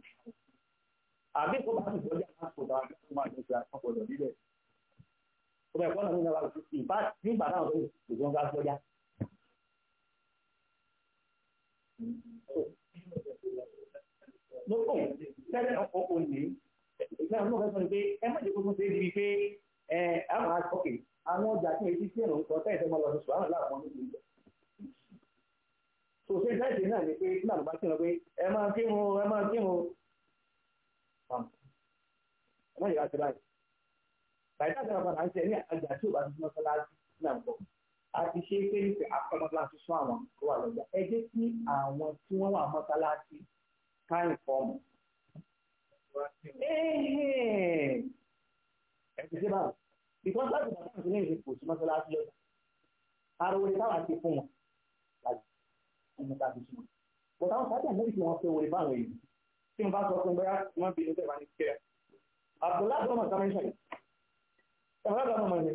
Àbí kó bá ti dọ́jà máa sọ̀rọ̀ àbí kó máa dọ́jà ọ̀pọ̀lọ̀ níbẹ̀. Tòkò ẹ̀kọ́ náà ní ìgbà náà ló ń gbà náà lọ́pọ̀ tẹ́lẹ̀ ọkọ̀ òní ìgbà gbogbo a àwọn ọjà tí èyí tí ìrùn kan tẹ́ẹ̀tẹ́ máa lọ sí láàpọ̀ ìjọ. náà ni pé bá kírun pé ẹ máa kírun ẹ máa kírun ẹ má yẹ láti báyìí. náà ń ṣe ní àjà tí ò a ti ṣe pé ní akọ́mọ́láṣí fún àwọn tó wà lọ́jà ẹ jẹ́ kí àwọn tí wọ́n wà mọ́sálásí ká ìfọ́ọ̀mù. ẹ ti ṣe báwọn because láti bàbá àti ilé ìrìn kò sí mọ́sálásí lọ́jà ara orí táwọn ti fún wọn láti ọmọ tá a fi sùn. bọ̀dá wọn sábà mú ìfún wọn fẹ́ wọlé báwọn èyí tí mo bá sọ fún bóyá wọ́n bí ẹgbẹ́ wa ní kẹ́ẹ̀. Abdullahi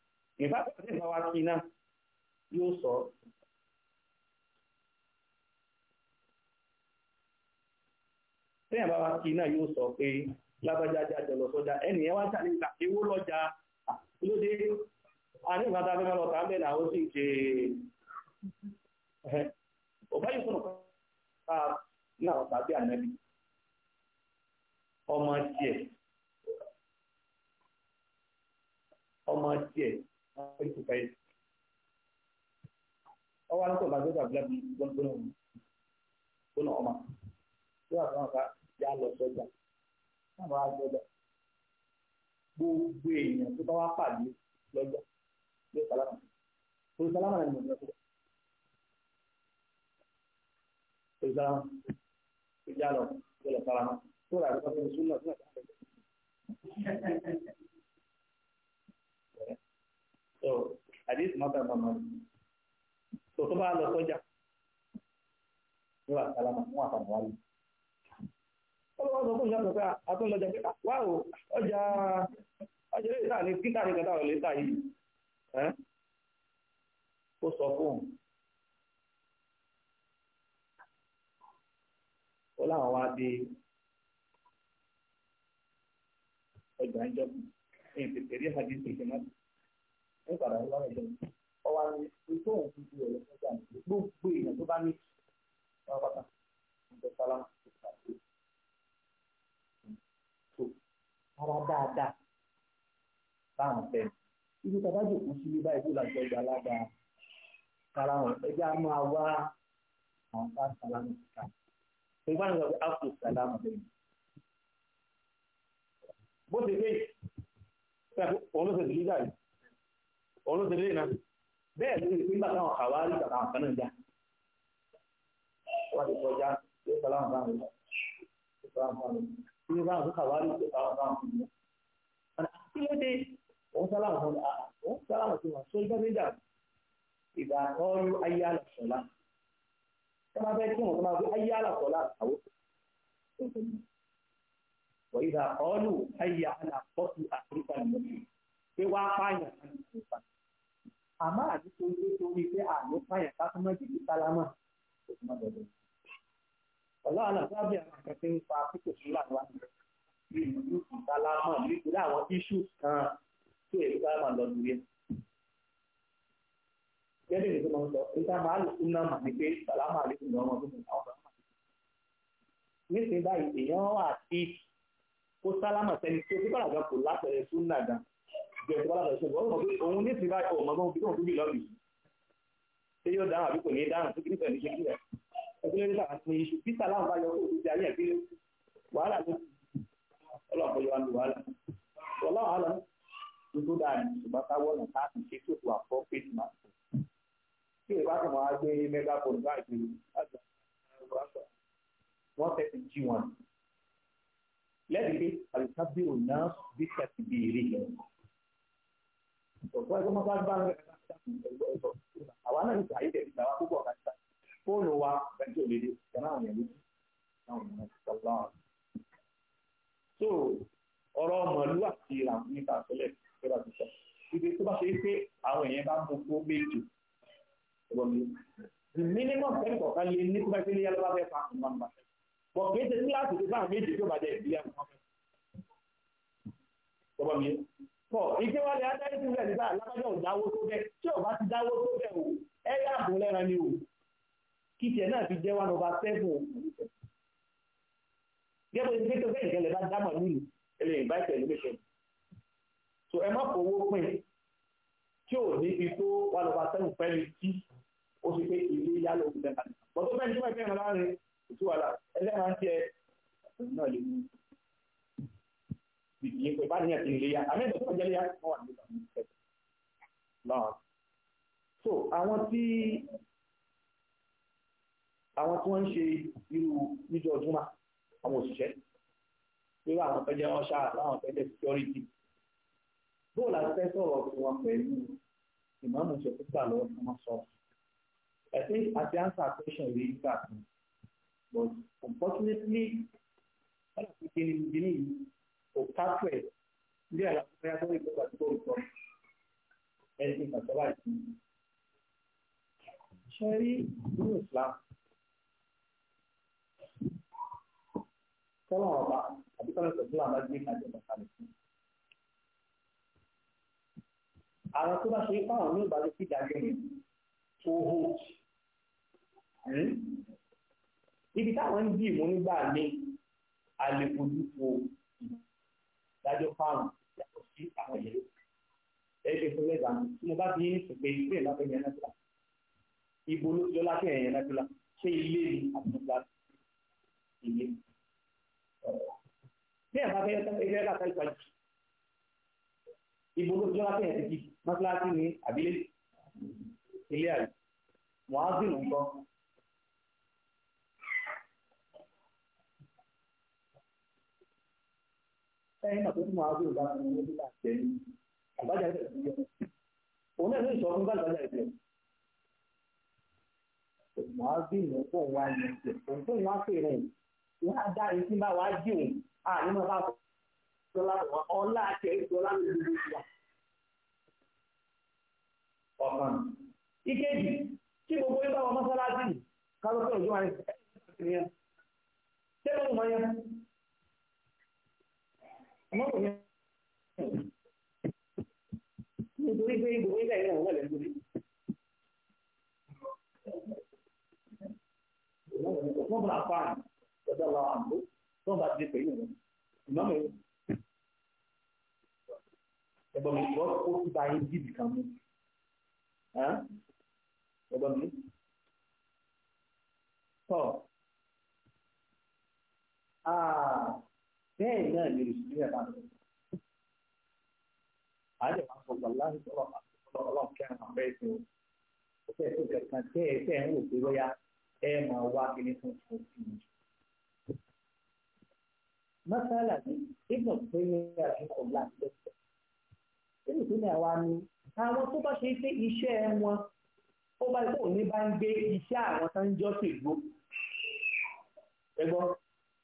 ìfá àti ìfọwọ́ kí náà yóò sọ tẹ́yìn bá wá kí náà yóò sọ pé lágbájá jájọ lọ sọ́jà ẹnì yẹn wá ń sàlẹ̀ ìgbà ewó lọ́jà lóde àníwá tá a fẹ́ máa lọ sàmẹ́ náà ó sì ń ṣe ọ̀bá yìí fún ọ̀kan ká náà tàbí ànábì ọmọ tiẹ̀ ọmọ tiẹ̀ oríṣi káyé ọwọ́ alẹ́ tó bá gbé tàbí lẹ́bi gbọ́ngbọ́n gbọ́nà ọmọ tó wà fún ọ̀gá yà lọ sọ́jà táwọn á gbọ́jà gbogbo èèyàn tó bá wá pàdé lọ́jà ló sálámà tó sálámà ni mo ní ọ̀sẹ̀ tó sálámà tó já lọ tó lọ sálámà tó rà lọ́sọ̀rọ̀ sún náà sún náà so àdéhùn máa bàbá máa rí so tó bá lọ sọ́jà lọ́wọ́ àtàlámà fún àtàwọn wáyé ọlọ́wọ́ sọ fún ìyá sọ pé àtúnlọ́jà pé wá o ọjà ọjà lè tà ní títà ní kẹta ọ̀lẹ́ tà yìí ó sọ fún ó láwọn wá dé ọjà ìjọba ní ìpèsè rí àdéhùn ìṣẹ́mọ́tò ní ìpàdé àwọn ọmọ ẹgbẹ́ ọwọ́ ni ètò òun fi di ẹ̀rọ fún ìjà nìyí gbogbo èèyàn tó bá ní wọn pátá ìjọ sálámà tó pàdé tó ara dáadáa báwọn fẹ́ ibi tàbá jòkó sí bíbá ìlú làjọ ìgbà alága sálámà ẹgbẹ́ a máa wá àwọn bá sálámà kíkà ìgbà nígbà pé ápù sálámà lẹ́yìn bó ti dé òun ló ṣe dìlí jáde olóṣèlú náà bẹ́ẹ̀ ló rí nígbà táwọn àwárí tàbí àwọn kan náà já wọ́n ti kọjá ló sọ láwọn báwọn lọ ló sọ láwọn báwọn lọ tí wọ́n báwọn tó àwárí tó sọ láwọn báwọn lọ. ọ̀nà kí ló dé òun sọ láwọn fún òun sọ láwọn fún wọn sójú bẹ́ẹ̀ ìgbà ọrú ayé àlàsọ̀lá tó máa fẹ́ kí wọn tó ayé àlàsọ̀lá àwọ̀ wọ́n ìgbà ọrú ayé àlàpọ̀tù àfíríkà pé wá pààyàn àmọ́ àdúgbò ilé tó rí pé àlọ́ fàyà kákúmọ́ jìbì sálámà kò tó má dọ̀dọ̀. ọ̀la àná tó bí àwọn akẹ́kẹ́ ń fa pípò sí làwọn ìlú sálámà nítorí àwọn iṣu kan tó èyí sálámà lọ lórí ẹ̀. gẹ́gẹ́ bí mo sọ nígbà máa lò fún náà mà ní pé sálámà lè fún ọmọ tó mọ̀ àwọn nísìnyí báyìí èèyàn wà sí kó sálámà sẹ́ni tó kí bẹ̀rẹ̀ tó bá lọ ṣẹ́gun ọmọ pé òun ní ìsinmi ọ̀ mọ́gbọ́n fi tóun tó bì lọ́bì ṣé yóò dáhùn àbí kò ní dáhùn tó kí nípa ìṣe kílẹ̀ ẹgbẹ́ nípa àti iṣu bí sàlámù bá yọ kó o ti ayé ẹ̀ pé wàhálà ló ọlọ́pọ̀ yọ wá lu wàhálà ọlọ́run àlọ́ tuntun dáa ní ṣùgbọ́n táwọn ọ̀nà tá a ti ṣe tó wà fọ́ ọ̀pọ̀ ẹgbẹ́ máa bá gbá ń bẹ̀rẹ̀ àwa náà nípa ayé tẹ̀lé ìgbà wa púpọ̀ kàtà fóònù wa bẹ́ẹ̀ tó lédè kẹ́nà àwọn èèyàn lójú àwọn èèyàn sọ̀rọ̀ so ọ̀rọ̀ mọ̀lú àti ìràwọ̀ nípa àtọ́lẹ̀ ìjọba ti sọ ibi tó bá ṣe é pé àwọn èèyàn bá mú tó méjì ọ̀rọ̀ mi the minimum ten kọ̀ọ̀kan lé ní kúbẹ́ sílé yálọ́ bá fẹ́ pa àwọn ọmọ àti bọ̀ kì í ṣe àwọn ọmọ pọ̀ ìgbéwálé adarí ti rẹ̀ nígbà lábájọ́ ò dáwó tó bẹ́ẹ̀ tí ò bá ti dáwó tó bẹ́ẹ̀ o ẹ yá àbò lẹ́ran ni o kí tiẹ̀ náà fi jẹ́ one over seven gẹ́gẹ́ bí pé bẹ́ẹ̀ gẹ́lẹ́ bá dámọ̀ nílùú ẹlẹ́ ìbáìtẹ̀ ló bẹ̀ṣẹ̀ so ẹ má fowó pin tí ò ní fi tó one over seven fẹ́ mi tí ó sì pé ilé yá lóògùn lẹ́ka bọ́tọ́ bẹ́ẹ̀ ni tí wọ́n fẹ́ràn láàrin òtúwàlà bikin kue banyak tinglia. Amin betul aja lihat. Oh, nah. So àwọn tí àwọn tí wọ́n ń ṣe irú níjọ ọdúnmá àwọn òṣìṣẹ́ pé àwọn fẹ́ jẹ́ ọṣà láwọn fẹ́ jẹ́ security. Bóòlù àti sọ̀rọ̀ fún wọn pẹ̀lú ìmáàmù ṣe púpà lọ́wọ́ fún wọn sọ. I think I can answer question really fast. But unfortunately, I don't think any tápù ẹ̀ bí àlàkùnrin àtọ́wé tó bá tó ìtọ́ ẹni ìgbàsọ́wà ìsìn ṣe rí ní Islam tọ́lọ̀ ọba àbí tọ́lọ̀ ìsọ̀tún àbá gbé ìkàjọ ìbàkalẹ̀ sí àwọn tó bá ṣe ipá àwọn ní ìbàdí sí ìdájọ́ tó hó hmm? ibi táwọn ń dì mú nígbà ní àlèkùn dúpọ̀ dájọ́ fáwọn yàtọ̀ sí àwọn ìyẹn ẹgbẹ́ fún ẹgbẹ́ ìdáná tí mo bá bí ní ìpè ìpè ìlànà ìyẹn náà fúlà ibo ló ti ọlá kẹyìn ìyẹn náà fúlà ṣé ilé ni àtúntà ìyẹn bí ẹ̀ bá fẹ́ ẹgbẹ́ láta ìpàdé ibo ló ti ọlá kẹyìn ti kí mọ́tíláṣí ni àbílẹ̀ ilé àyè wọ́n á dì nǹkan lẹ́yìn náà tó tún máa gbèrò lára ẹni lórí láti ẹni àbájá rẹ̀ ti yọ òun náà ló sọ fún bá àbájá rẹ̀ yọ máa gbìyànjú pé òun wá ní ẹsẹ̀ òun tó ń wá pè rẹ̀ wọ́n á dá àmọ́ kò ní nítorí pé gbogbo ilẹ̀ yìí náà wà lẹ́nu lórí. wọ́n bá fa ọ̀dọ́ lọ àbúrò wọ́n bá ti pẹ̀lú ìwọ̀n ìmọ̀mọ̀ yìí. ẹ̀gbọ́n mi ìwọ́n bẹ́ẹ̀ náà ni rìsítífẹ́ máa lọ. àjọ máa sọ wàlá ọlọ́run kí àwọn abẹ́ ìsìn o fẹ́ tó kẹ̀kẹ́ tẹ́ ẹ fẹ́ ń wò pé lọ́yà ẹ máa wá kíní tuntun sí i. mọ́sálà ni ibùdó pé ní àjọpọ̀ láti lọ́sẹ̀. ibùdó pé ní ni àwọn tó bá ṣe pé iṣẹ́ wọn ó bá ní bá ń gbé iṣẹ́ àwọn tó ń jọ́sìn gbó. ẹ gbọ́.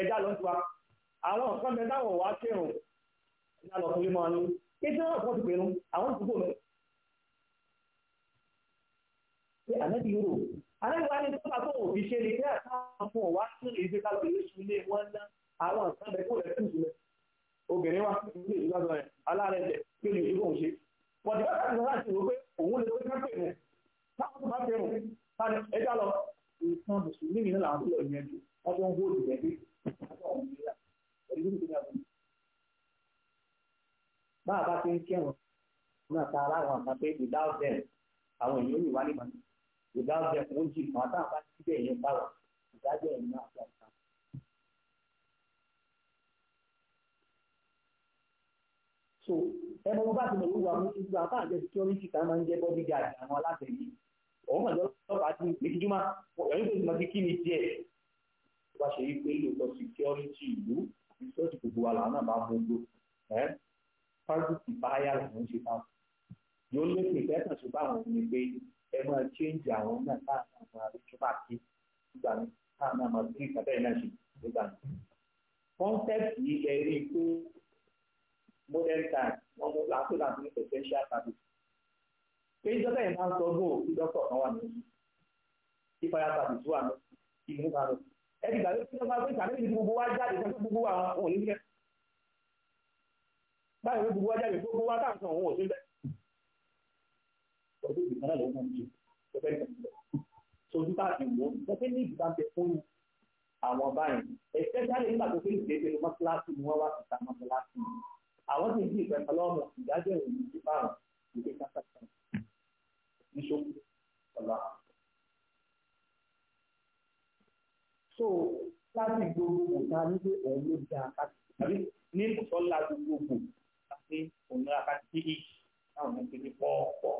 ẹ̀dá lọ sí wa àwọn nǹkan mẹ́ta wọ̀ wá kírun ẹ̀dá lọ fún límọ̀ ní kéde náà fọ́ ti pẹ̀lú àwọn ìdúgbò mẹ́. pé ànábì yóò ànábì wa ní sọ́kà tó wò fi ṣe ni pé àtàwọn fún ọ̀wá sí ìdí kálọ̀ ìlú ilé wọn ná àwọn nǹkan mẹ́ kó rẹ̀ tù sílẹ̀ obìnrin wa ilé ìjọba rẹ̀ alárẹ̀ rẹ̀ kí ni ìdúgbò ń ṣe. bọ̀dé bá kàtàkì náà ti rò pé òun lè pé kápẹ́ rẹ̀ káwọn tó bá fẹ́ràn ẹ̀dá lọ nǹkan mùsùlùmí nínú àwọn tó lọ ìyẹn jù wọ́n tó ń gbó òdìbẹ́ bá a bá ti ń kírun náà ta aláwọ̀ àgbà pé without them àwọn èèyàn yìí wá nígbà without them ó jì kan àtàwọn bá ti síbẹ̀ yẹn bá wà ìdájọ́ ẹ̀ náà àti àìsàn. so ẹ mọ bá ti mọ ìwà mú sí gbà fáàjẹ security kan máa ń jẹ bọ́dí àwọn aláṣẹ òun àjọ ọlọ́pàá ti méjìjúmọ́ ẹ̀yìn tó ti mọ sí kí ni tiẹ̀ wá ṣe yí pé lóòótọ́ security ìlú àti sọ́ọ̀tì gbogbo wa làwọn náà bá gbogbo ẹ́ fásitì báyà làwọn ṣe bá yóò lé pèsè ẹ̀sán ṣe bá wọn ni pé ẹ máa change àwọn náà káàkiri àwọn àríkíbà kí nígbà mi káàkiri àwọn àríkíbà ìkàbẹ́rẹ́ náà ṣe nígbà mi. concept yìí ẹ rí i pé modern time wọn mú làákùn làákùn ní potential service. pé dọ́kítà yìí máa ń sọ bó kí dọ́kítà kan wà ní ìfàyà service wà ní ìmúbalẹ̀ ẹ̀sì ìgbàlódé tí wọ́n bá pèsè àmì ìdí gbogbo wa jáde fún gbogbo àwọn òun níbẹ̀ báyìí wọ́n gbogbo wa jáde gbogbo wa táǹkan òun ò síbẹ̀ ọdún ìgbà náà lọ́wọ́ mi tó fẹ́ tẹ̀lé sojú bá ti wò ó fẹ́ ní ìgbà tẹ fún àwọn báyìí especially nígbà tó fi ń ṣe é pẹ̀lú mọ́tíláṣí ni wọ́n wá sí ta mọ́tíláṣí àwọn tí ń bí ìpẹ́pẹ́ lọ́rùn ìdájọ́ ìròyìn ti bá àwọn ìgbé kásá so láti gbogbo ta nílé òun ló dá akátì tàbí ní ìsọ́lá gbogbo àti òun akátì tí ì táwọn ọmọ kékeré pọ̀ọ̀pọ̀.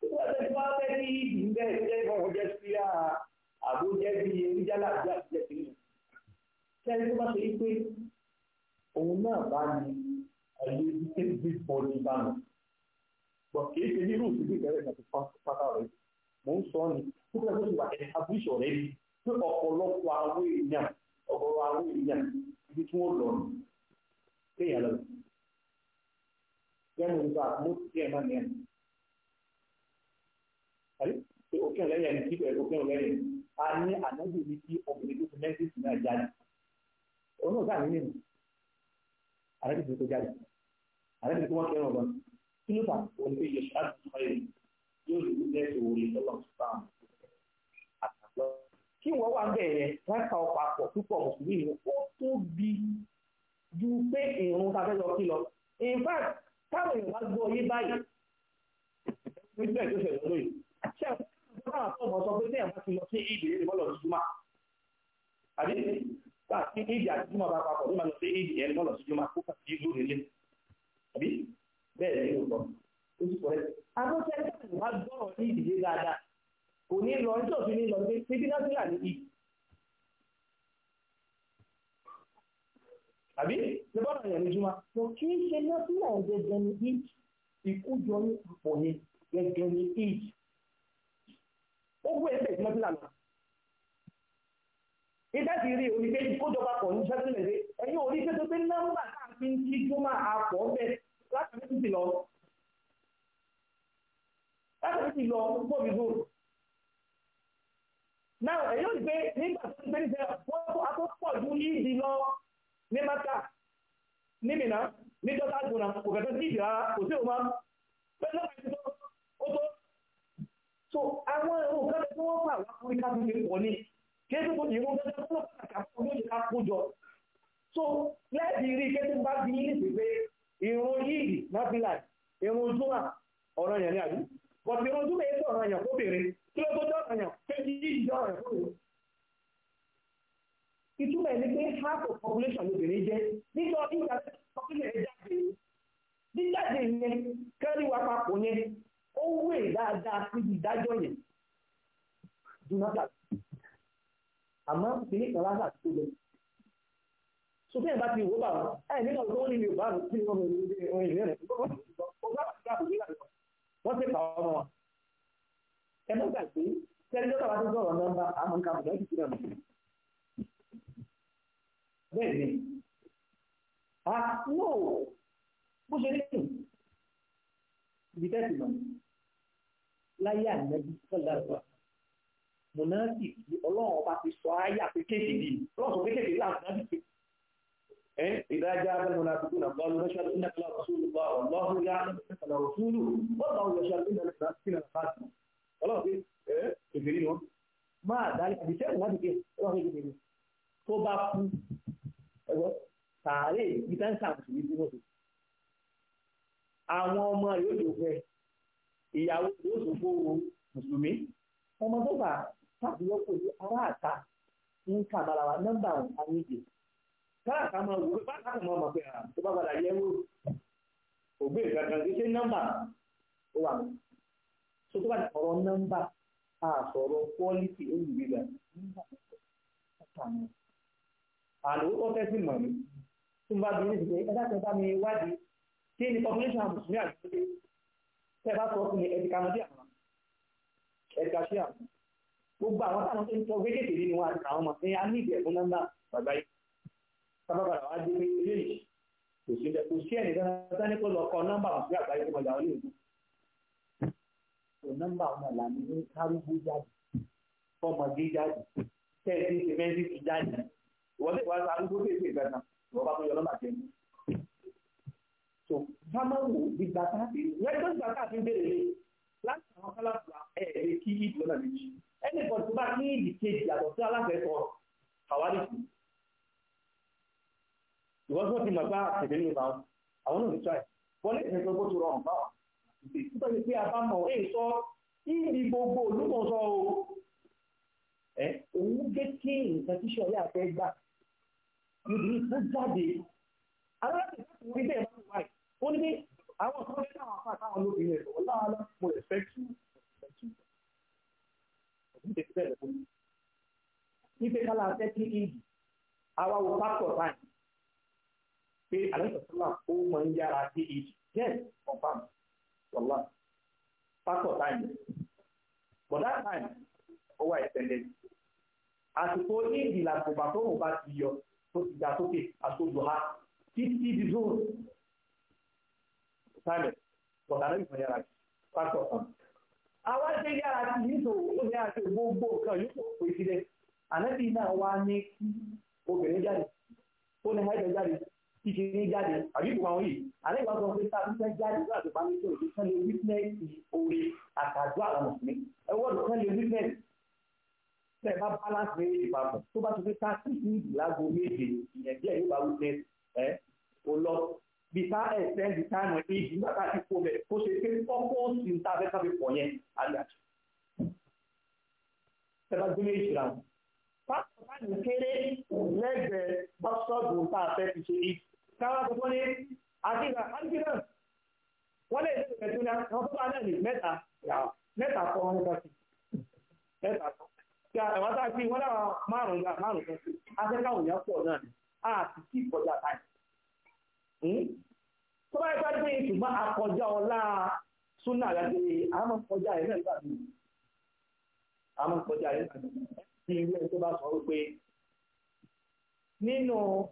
Nígbà tí wọ́n fẹ́ ní ìdí ń bẹ́ẹ̀ jẹ́ ìfọwọ́ jẹ́ sí àbó jẹ́ bí eríjálà àti àtijọ́ sí mi. Kẹ́ni tó bá ṣe pé òun náà bá ní ẹ̀yẹ ìdíkébí bọ́ọ̀lù ìbámu. Bọ̀ kìí ṣe nírú òṣèlú ìbẹ̀rẹ̀ náà ti pátá rẹ̀. Mò ń sọ ọ́ ni, pé ọ̀pọ̀lọpọ̀ àwọn èèyàn ọ̀pọ̀lọpọ̀ àwọn èèyàn ibi tí wọ́n lọ kéèyàn lọ. Bẹ́ẹ̀ni nípa mo ti ẹ̀ máa ní ẹ̀. Àlẹ́ pé òkè ọ̀lẹ́yìn ẹni kí bẹ̀rẹ̀ òkè ọ̀lẹ́yìn a ní ànágbè mi kí obìnrin tó fi mẹ́sìsì náà jáde. Òun náà sáà nínú àrẹ́bìnrin tó jáde àrẹ́bìnrin tó wọ́n fẹ́ràn ọ̀gbọ́n kí ló fà wọ́n pé yẹ̀ṣọ́ àti ìfọ̀yẹ̀ yóò lè ní ẹ̀ṣọ́ òòlù tọ́lọ̀ kí wọ́n wà bẹ̀rẹ̀ rẹ́ka ọ̀pọ̀ àpọ̀ púpọ̀ mùsùlùmí ni ó tóbi ju pé ìrún ta fẹ́ lọ kí lọ in fact táwọn èèyàn bá gbọ́ yé báyìí nígbà tó ṣẹlẹ̀ lóyè ṣé àwọn ọmọ sọ pé téèyàn bá ti lọ sí ìdè yẹn lọ sí jùmọ̀ àbí bá sí ìdè àti jùmọ̀ bá papọ̀ ní ma lọ sí ìdè yẹn lọ sí jùmọ̀ kó kàtí ìlú nílé àbí bẹ́ẹ̀ ni ó sọ ó sì kọ̀rẹ́ àbúṣe táwọn èèyàn bá gbọ́rọ̀ ní ìdè yẹn dáadáa kò ní lọ ní tòfin ní lọ sí níbi násílà níbi àbí ní bọ́ọ̀lù àyàn ní júmọ́ mo kì í ṣe násílà gẹ́gẹ́ ní ìjì ìkújọ ní àpọ̀ ní gẹ́gẹ́ ní ìjì ó gbé ẹgbẹ́ ìdí násílà náà ìdá ti rí orí pé ìkójọba pọ̀ ní sẹ́sílẹ̀ ẹ̀yìn orí pé tó pé nọ́mbà káàkiri ń kí júmọ́ àpọ̀ bẹ́ẹ̀ láti fi ti lọ láti fi ti lọ gbọ́bí gbòòrò náà ẹ̀yọ́ ìgbé nígbà tó ń gbé níṣẹ́ wọ́n tó akọ́pọ̀ ju ìdí lọ ní mẹ́ta ní mìíràn ní dọ́tà gbọ́nà kò kẹ́kẹ́ sí ìdí rárá kò sí òun máa pẹ́lú àìsíkọ́ ó tó. so àwọn ẹ̀rọ nǹkan tó wọ́n fà wá fún ìka fún mi pọ̀ ni kí ẹ̀sìn kò ní irun gẹ́gẹ́ fún ọ̀pọ̀lọpọ̀ àkàkọ́ ló yẹ ká kó jọ. so lẹ́ẹ̀dì rí kẹ́sìn bá bí ní ìsìn pé ìrún yìí náfìlà ìrún júmà ọ̀rọ̀ yẹn ni àdúgbò bọ̀ tí ọdún mẹ́rin sọ̀rọ̀ àyàn kó bèrè tí ló tó dọ̀rọ̀ àyàn kéjì yìí dọ̀rọ̀ àyàn kó bèrè. ìtumọ̀ ẹni pé half of population obìnrin jẹ́ nígbà ìgbà population ẹ̀ jáde jíjáde yẹn papọ̀ yẹn ó wé dáadáa síbi ìdájọ́ yẹn àmọ́ kan lásà tó lọ. ẹ̀ bá ti ẹ̀ nígbà tó ń rí mi wọ́n ṣe kàwọ́ ọmọ wọn. ẹ mọ́ gbàgbé sẹ́ni tó tàbá tó sọ̀rọ̀ nọ́mbà àmọ́ nǹkan ti sílẹ̀ mọ́. bẹ́ẹ̀ ni a nù bó ṣe rí ibi tẹ́sí mọ́ láyé ànábi sọ́lá rẹ̀ wà mọ̀nà sì ọlọ́run ọba ti sọ ayé àpékèké bíi ọlọ́run sọ pékèké láàbùdá ti إذا جاء المنافقون قالوا نشهد إنك الله والله يعلم والله ما ذلك الله àwọn ọmọ rẹ̀ yóò fẹ́ ìyàwó yóò tún fowó mùsùlùmí ọmọ tó bá tàbí ọkọ̀ aráàta ń kàbàlà wa nọ́mbà káàkà máa wò bá káàkà máa mọ̀ pé à tó bá padà yẹ wò ògbé ìgbàgbà kì í ṣe nọ́mbà ó wà tó tó bá ti ọ̀rọ̀ nọ́mbà a sọ̀rọ̀ pọ́lítì olùgbéga nígbà àlò ó tẹ́ sí mọ̀ ní tó ń bá bí ní ìṣẹ̀lẹ̀ ẹ̀dá kan bá mi wádìí kí ni population of mùsùlùmí àgbẹ̀ tẹ́ bá àwọn ọmọ ẹ̀yà ní ìbẹ̀rù nọ́mbà bàbá sábàbàrà wá dé pé ilé yìí kò sí kò sí ẹnì kan sani kó lọ kọ nọ́mbà wọn sí àgbáyé kọjá wọn lè kó nọ́mbà wọn là ní kárúgbó jáde fọmọdé jáde tẹẹsì sìmẹǹtì ti jáde ìwọlé wa arúgbó fèsì ìgbà náà ìwọba tó yọ nọ́mbà jẹ ní. so sábàwò gbígbà káàdì rẹpẹ gbà káàdì béèrè láti àwọn kálàfù ẹ̀ẹ́dẹ́ kí ìdí ọ̀nà méjì ẹnì kan tó bá ní ìdí kejì àtọ̀ sí aláfẹ́ sọ̀rọ̀ because wọ́n ti mọ̀ pé àtẹ̀lé ní ìbáwọn àwọn náà ti try wọ́n lè tẹ̀lé gbogbo tó rọrùn báwọn nígbà tí pé abámọ̀ ẹ̀ sọ ìdí gbogbo olúmọ̀ sọ o ẹ òun gé kí nǹkan tí sọ̀rí àfẹ́ gbà níbi tó jáde aláàbẹ̀ tó rí bẹ́ẹ̀ máa ń wáyé ó ní àwọn kan lé àwọn apá àtàwọn olóbìnrin rẹ̀ wọ́n láwọn mo lè fẹ́ tú ọ̀dún tẹ̀síbẹ̀ rẹ̀ fún mi. ní pé kálá fẹ́ kí ìdí àwa wo pásítọ̀ báyìí pé àlẹ́sọ̀tọ́là ó máa ń yára dé èjì yes confam wàlá pastor time but that time ó wà extended àsìkò ìdì làkùnbà tó wù bá ti yọ tó ti ga sókè àtòjò ha títí di zoro time but àlẹ́sọ̀tọ́là yára pastor kan àwa ṣe yára ti nítorí ó yára ti gbogbo nǹkan yóò pèsè rẹ̀ àlẹ́bí náà wá ní obìnrin jáde ó ní ẹ̀jẹ̀ jáde ìṣe ní jáde àbí ìwà wọn yìí àlẹ́ ìwà sọ pé sáà fífẹ́ jáde nígbà tó bá ní sọ̀rọ̀ pé kán lè wítínẹ́sì oore àtàdó àwọn mùsùlùmí ẹwọ́dù kán lè wítínẹ́sì tẹ̀ bá balance méjèèjì papọ̀ tó bá sọ pé sáà sí ní ìdìlágbò méje ìyẹn díẹ̀ yóò bá wítínẹ́sì ẹ̀ kò lọ bí sá ẹ̀sẹ̀ bí sá ẹ̀nà èyí nígbà tá a ti kó bẹ̀ kó ṣe pé kọ́kọ́ sí ní táfẹ́ káfí pọ̀ yẹn àgbàjù tẹ̀ bá gbé méjì ra wọn. Fáṣọ̀ bá ní kéré lẹ́gbẹ̀ẹ́ bọ́sọ̀dù tá a fẹ́ fi ṣe ìfì káwá sọ ní àtìgbà wọ́n lè ṣe wọn tó bá náà ní mẹ́ta mẹ́ta kọ́ wọn nípa sí mẹ́ta kọ́ kí àwọn tá a fi wọ́n márùn-ún gbà márùn-ún kan sí afẹ́ká a ti kí ìkọjá táì tó bá yẹ ká akọjá ọlá súnà àgbàdo kọjá náà kọjá náà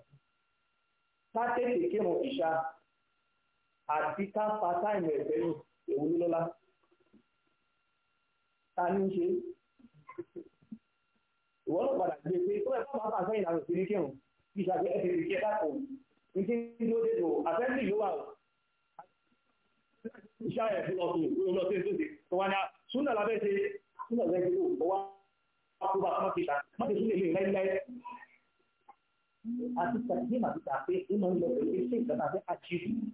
ká tètè kírun ìṣá àti ká pa táìmù ẹ̀fẹ́ yìí èwo ló lọ́lá ta ní ṣe ìwọ náà padà gbé pé tó ẹ̀fọ́ máa pàṣẹ ìlànà sí ní kírun ìṣá pé ẹ̀fẹ́ ìṣe dákò ní kí ní ó dé tó àfẹ́sì yóò wà ó ìṣá ẹ̀ fún ọkùnrin ló lọ sí ètò tó wá ní súnà lábẹ́ ṣe súnà lẹ́yìn tó wá kó bá má ti ta má ti tún lè lè láíláí àti tàbíyìn àti tàbí inú ilẹ̀ tetapi iṣẹ́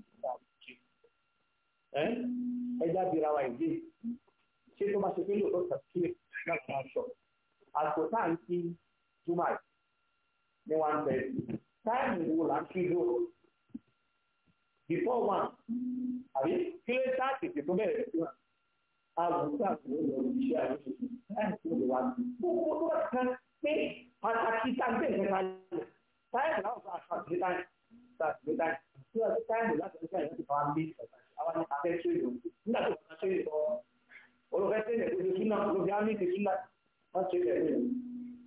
eh, àti dirawai ẹja bira wa ìdí ṣé tó bá ṣe pé lóòótọ́ tàbí náà kan sọ àsìkò tá à ń kí jùmọ̀ ní wọn bẹ táìmù wo là ń kí ló before one àbí kí ló tá àtètè tó bẹ̀rẹ̀ sí wọn àwùjọ àti ìwé ìwé iṣẹ́ àwọn ìṣẹ̀lẹ̀ táìmù tó lè wá kan pé pàtàkì tá à táìmù láwọn fún àṣà àti táìmù àti táìmù tí wọ́n ti táìmù láti ọjọ́ ìyá ti bá ń bí àwọn ní afẹ́ tó yìí nígbà tó bá tó yìí lọ olùfẹ́ tó yẹ kó ṣe súnà olùfẹ́ á ní ti súnà wọ́n ṣe lẹ̀ lẹ́yìn.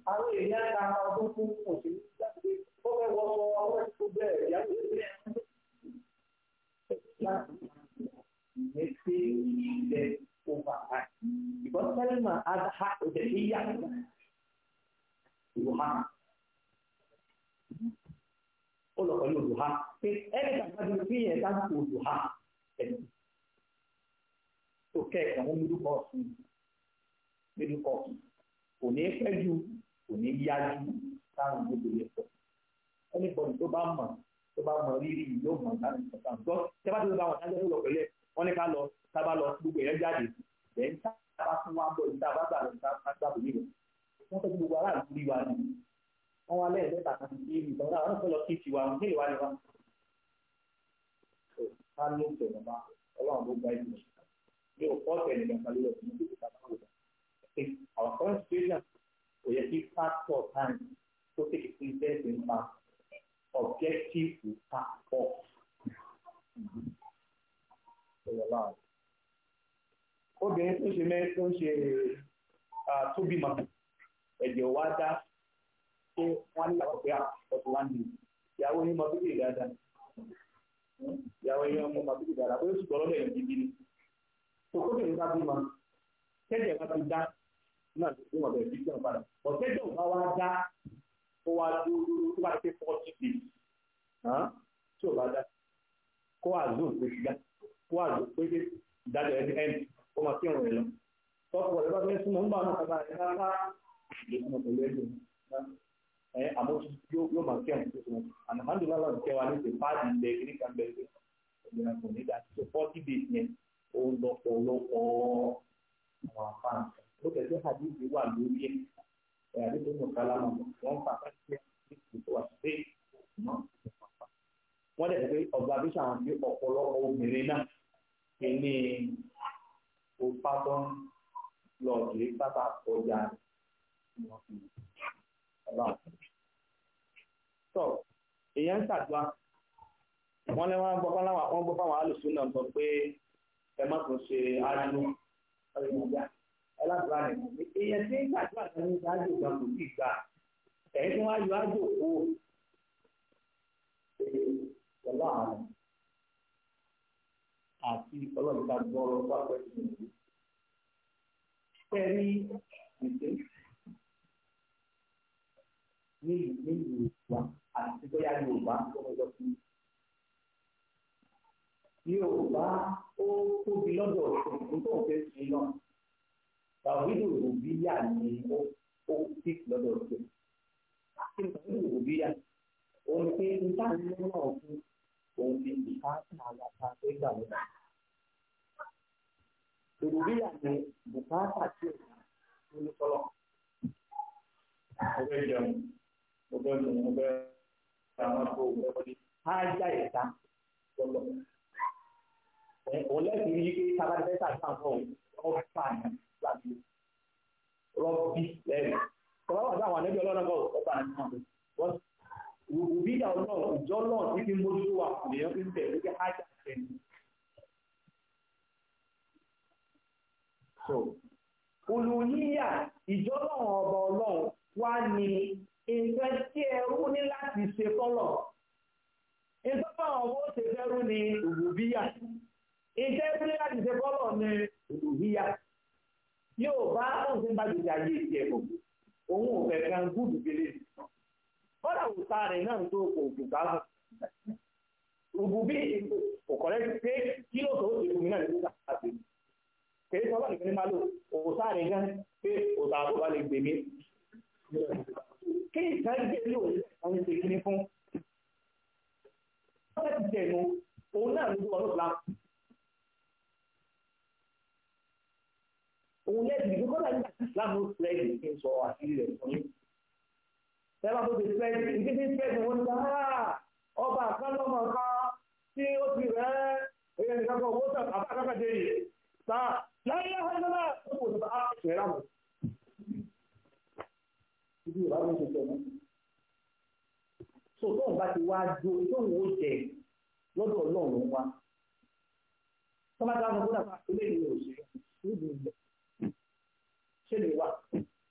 àwọn èèyàn ta ọdún fún òṣèlú láti ó fẹ́ wọ sọ ọwọ́ tó ó lọ pẹ̀lú olùhá pé ẹni tàbí bí yẹn dáhùn olùhá ẹni tó kẹ́ẹ̀kan ó mílù kọ́ ọ̀sùn mílù kọ́ ọ̀sùn kò ní pẹ́ ju kò ní yá ju táwọn gbogbo yẹn pọ̀ ẹni bọ̀dù tó bá mọ̀ tó bá mọ̀ rírì yóò mọ̀ láti sọ̀tàn gbọ́ tẹ́ bá ti bá wọn dájọ́ tó lọ pẹ̀lú ẹ̀ ní ká lọ sábà lọ gbogbo yẹn jáde lẹ́yìn tá a fún wa bọ̀ ìta bá gbà wọn wá lẹ́ẹ̀dẹ́ bàtà sí ibi ìtọ́ra àwọn ọ̀sẹ̀ lọ sí ti ní ìwà ìwà. ká ló ń tẹ̀lé ọlọ́run ló gba ìlú mi ò kọ́ tẹ̀lé nípa lórí ọ̀sẹ̀ ní ìgbà tó wà. our current situation kò yẹ kí factor time tó tètè fún iṣẹ́ ìpín pa objective obìnrin tó ṣe mẹ́rin tó ń ṣe ah, tóbi mọ̀ ẹ̀jẹ̀ wá dá pé wọ́n ní àwọn pé ọ̀pọ̀ wá ní ìyàwó yín mọ bíbí ìdáadáa ìyàwó yín ọmọ mọ bíbí ìdáadáa pé ó sì gbọ́ lọ́dọ̀ yẹn bíbí ni tòkótò yìí bá bí ma kẹ́jẹ̀ bá ti dá náà ló ń wọ̀bẹ̀ bí sẹ́wọ̀n padà bọ̀ kẹ́jẹ̀ bá wá dá ó wá dúró tó bá ti fọ́ sí i tí ò bá dá kó àzó pé dá kó àzó pé dé ìdájọ́ ẹni ẹni ó máa kí rẹ lọ tọ́kọ̀ rẹ bá fẹ́ súnmọ́ ń bá ọ̀nà kàbá ẹ eh, àmọ́ yóò máa kẹ́ ọ̀hún tuntun ànàmọ́dúnlá lọ́dún kẹwàá ní ìpè páàdì ilẹ̀ kiri kan bẹ̀rẹ̀ ìgbìmọ̀ kò ní dájú tó fọ́tí days yẹn ó lọ́pọ̀lọpọ̀ àwọn àfáàn ló kẹ́sẹ́ àdéhùn wà lórí ẹ̀ ẹ̀ àdéhùn náà kálámà wọ́n fà káṣíṣẹ́ ìṣòwò àṣìṣe náà wọ́n dẹ̀ pé observation àwọn bí ọ̀pọ̀lọpọ̀ obìnrin náà kì í ní o pátán lọ́ọ̀dù pátá ọjà wọn èèyàn ń ṣàdúrà wọ́n lé wọ́n gbọ́ fáwọn wọ́n gbọ́ fáwọn alùsùn náà sọ pé ẹ má tún ṣe ájú ọ̀rẹ́mọ̀gbà ẹ ládùúrà rẹ̀ èèyàn tí ń ṣàdúrà kan ní ájò kan kò sí ìgbà ẹ̀yìn tí wọ́n á yọ ájò kó pẹ̀lú àwọn àti ọlọ́ọ̀ta gbọ́rọ̀ pápẹ́ ìṣẹ̀lẹ̀ pẹ̀lú ìṣẹ̀lẹ̀ ní ìlú wa àti bóyá yorùbá tó ń lọ sí. yorùbá ó tóbi lọ́dọ̀ ṣòfin tó ń fẹ́ sí náà tàwídò òbíyà ni ó ó tì lọ́dọ̀ ṣe. àti tàwídò òbíyà òun pé nígbà nínú náà fún òun ti ìka àlàkà tó gbà wọ́n. òbíyà ni bùkátà tí òun ń sọ́lọ́. ọ̀rẹ́ ìjẹun. Roberto, Roberto táwọn kó lọ́lọ́. Òun lẹ́sìn rí pé tábàdẹ́sà náà náà ọ̀fà ní láti rọ́bì lẹ́rù. Tọ́lá wà sáwọn àlejò ọlọ́run náà ọ̀fà ní náà. Wọ́n òbí ìyá ọlọ́run ìjọ náà ti fi mójútó wa kò lèyàn fi ń bẹ̀ lókè ájá ẹ̀dá. Olùyíyà ìjọ náà ọba ọlọ́run wá ní nǹkan tí ẹrú ní láti ṣe kọ́lọ̀ ìtọ́pọ̀ ọ̀wọ́ ṣe fẹ́rú ni òbòbíyà ìṣẹ́ ẹrú ní láti ṣe kọ́lọ̀ ni òbòbíyà yóò bá ọ̀sẹ̀ bá jòjì ayé ìjẹ́ kò òun ò fẹ́ kan gúdù gbélé kọ́lá òta rẹ̀ náà tó kò kò bá mọ̀ òbòbí òkọ̀rẹ́ pé kí ló tó ṣe fún mi náà nígbà àti kèé sọ́lá nìkan ní má lò òta rẹ̀ gan pé òta àbúrò bá lè gbèmí kí ìdájọ́ ilé òun àwọn ìṣe kíní fún. Bọ́lá ti tẹ̀nu, òun náà ló wọ́n lọ́la. Òun lẹ́sìn ìgbé bọ́lá nígbà tí ló fẹ́ ẹ̀dùn kí n sọ àṣírí rẹ̀ fún yín. Bẹ́ẹ̀ tó ti fẹ́ ìdí tí ń fẹ́ ìdùn wọn ní ah, ọba àkálọ́mọ kan tí ó ti rẹ̀ ẹ̀yẹ nìkan kan owó tàn àbá àkàkàdé yìí. Sáà láyé ọ̀hánilá ibi ìwà ló ń ṣe tẹ̀lé. so tóun bá ti wá jó tóun ó jẹ lọ́dọ̀ ọlọ́run wa tọ́mátà wọn kó dàgbà tó lè ní òṣèré níbi ìgbẹ́ ṣé lè wà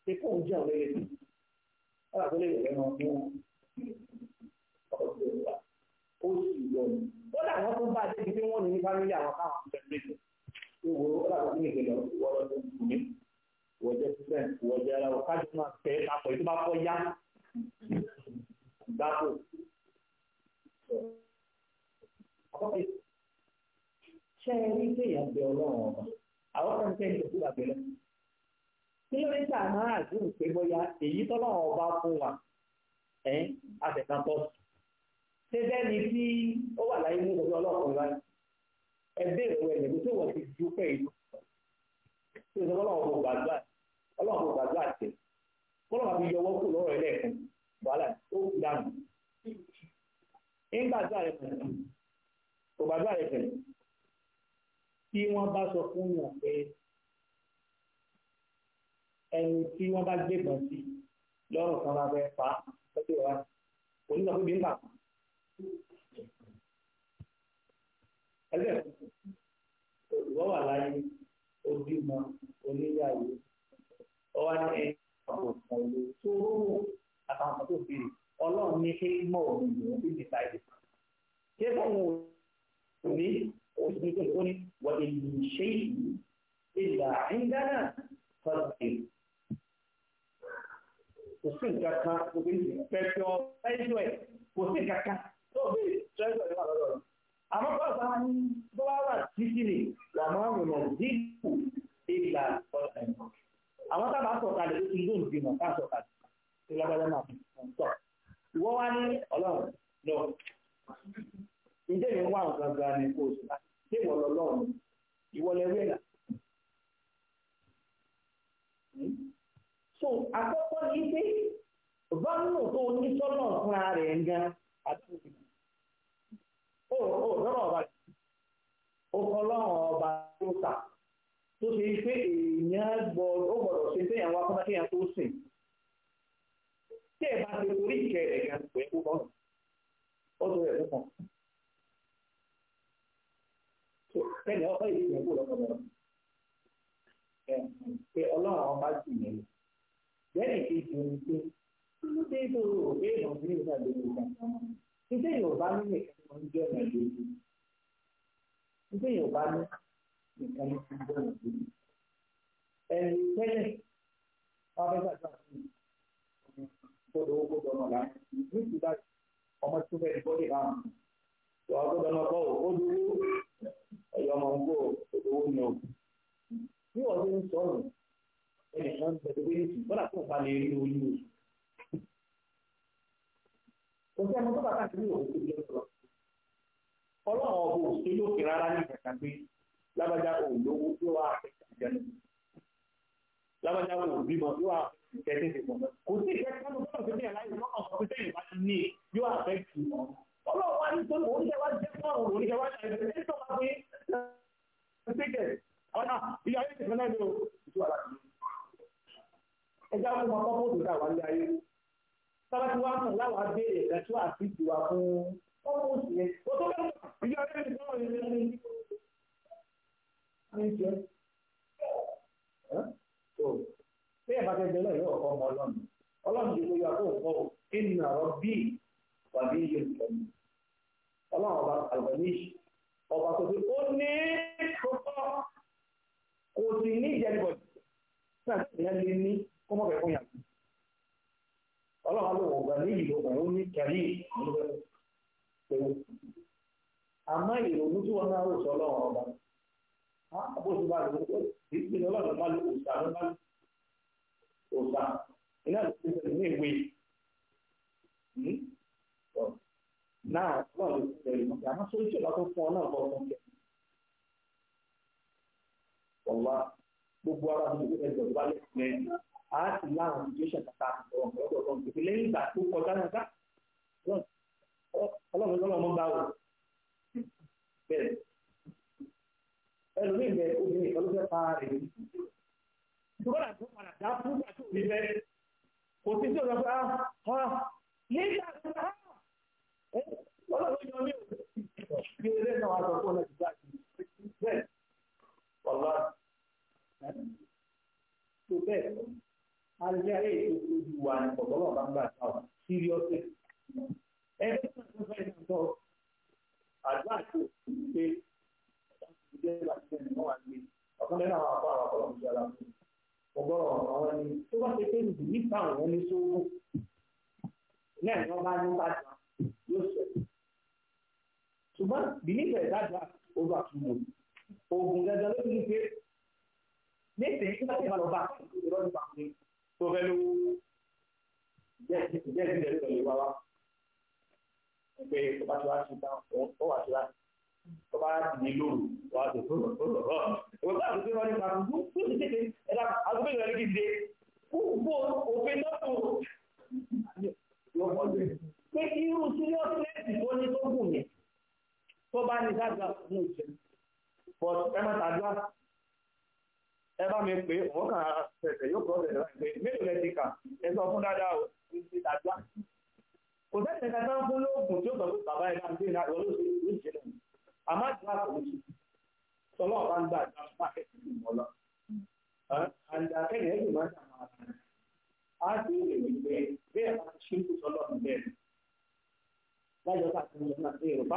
pé kóun jẹ́ ọ̀rẹ́ rẹ̀ ọ̀rẹ́ àtọ́lẹ̀ rẹ̀ náà fún ọ̀rẹ́ rẹ̀ wà ó sì yọ ni wọ́n dà wọ́n tún bá a débi pé wọ́n ní ní fámílì àwọn káwọn fẹ́ẹ́ lè jẹ́ ìwòrán ọ̀rẹ́ àtọ́lẹ̀ rẹ̀ lọ́wọ́ lọ́dún wọjẹ student wọjẹ ara wọn kájú tẹ ẹ papọ̀ ètò bá kọ́ yá gbáko. ṣé ẹ rí kéèyàn bẹ ọlọ́run ọba àwọn kan tẹ́ ìjọba ìjọba bẹ̀rẹ̀. kí ló dé tà máa àdúrà pé bóyá èyí tọ́lọ́ ọba fún wa ẹ̀ àtẹ̀kántọ́ ṣé bẹ́ẹ̀ ni tí ó wà láyé ní ìjọba ọlọ́run láyé ẹ bẹ́ẹ̀ rẹ̀ ẹ̀ lẹ́gbẹ̀ẹ́ tó wọ̀ sí ju pé ìlú tó ìjọba ọlọ́run ọba gbàgbà ọlọ́run kò gbàgbọ́ àti kọ́lọ́ bá fi yọwọ́ kù lọ́rọ̀ ẹlẹ́ẹ̀kan wàhálà ó kú dànù ńgbàgbọ́ rẹ̀ pẹ̀lú kò gbàgbọ́ rẹ̀ pẹ̀lú tí wọ́n bá sọ fún yàn pé ẹni tí wọ́n bá gbébọn sí lọ́rùn kan bá fẹ́ pa pẹ́pẹ́ wa kò ní sọ pé bí ń bà láyé ó oníyàwó ọwọ́ ní ẹni ọ̀pọ̀ ọ̀pọ̀ ìlú tó rówó àtàwọn ọ̀pọ̀ tó béèrè ọlọ́run ní ṣé mọ̀ òun ìlú bí ní ṣáìdì. ṣé fóun ò ní oṣù tuntun tó ní wọ́n èyí ṣe ìlà ìdáná fọ́ọ̀tì. kò sí nǹkan kan kò sí pẹ̀pẹ̀ ẹ̀jọ̀ ẹ̀ kò sí nǹkan kan tó béèrè tẹ́lẹ̀ ìwà lọ́dọ̀ rẹ̀. pàṣẹ àwọn bọ́wá wà títí ni làmọ́ àrùn náà dínkù ìlà ọ̀sẹ̀ náà àwọn sábà sọ̀kalẹ̀ ló ti ilé ìgbìmọ̀ tá a sọ̀kalẹ̀ tó lágbára náà fi sọ ìwọ wá ní ọlọ́run lọ ǹjẹ́ mi ń wá nǹkan gan ni kò sí ṣé ìwọ lọ́lọ́run ìwọ lẹ́wẹ́ là so àkọ́kọ́ ni pé bọ́ọ̀nù tó ní sọ́nà fúnra rẹ̀ gan àti ó ó lọ́rọ̀ ọba ó kọ́ lọ́rùn ọba tó ta. tó ṣe pé èèyàn gbọ́dọ̀ gbọ́dọ̀ ṣe téèyàn wá fúnra kéèyàn tó sìn tí ẹ bá ti torí ìkẹ rẹ gan pé ó tó rẹ̀ fún kẹ́ni ọkọ ìdí yẹn kó lọ́kọ̀ lọ́rọ̀ pé ọlọ́run àwọn bá sì yẹn lọ lẹ́yìn kejì omi pé ló dé tó rò pé èèyàn ní ìgbà lórí ìgbà iṣẹ́ Yorùbá ń jẹ́ ọ̀nà nìkan ló ti gbọ́ ọ̀nà lórí. ẹ̀rù tẹ́lẹ̀ wọ́n fẹ́ gbàgbọ́ àti gbọ́dọ̀ owó gbọ́dọ̀ ọ̀nà láàrín ní ni o. bí wọ́n ti ń sọ̀rọ̀ ẹnìkan gbẹdọ̀ pé bọ́dà tó bá lè rí orí o. kò sí ẹni ọlọ́run ọ̀bọ̀ òṣèlú òkè rárá ní ìkàkà lábàjá ò lówó yóò wá àfẹ́kẹ́ lábàjá ò bímọ yóò àfẹ́kẹ́ tètè mọ̀ kò sí ìfẹ́ kánú bọ́ọ̀ tó bẹ̀rẹ̀ láyé lọ́kàn fún pété ìbá ti ní yóò àfẹ́kẹ́ mọ̀ ọlọ́run wá ní tó oníṣẹ́ wá jẹ́ fún àwọn oníṣẹ́ wá ṣàyẹ̀ ẹ̀ tó máa pín ẹ̀ tẹ́kẹ̀ ọ̀nà ìyá o ìtura láti ẹjá fún ọkọ̀ fún òdòdó àwọn ilé ayé sábà tí wọ́n á sàn láwọn abẹ́rẹ́ ìdájọ́ àti ìdìwà Thank you.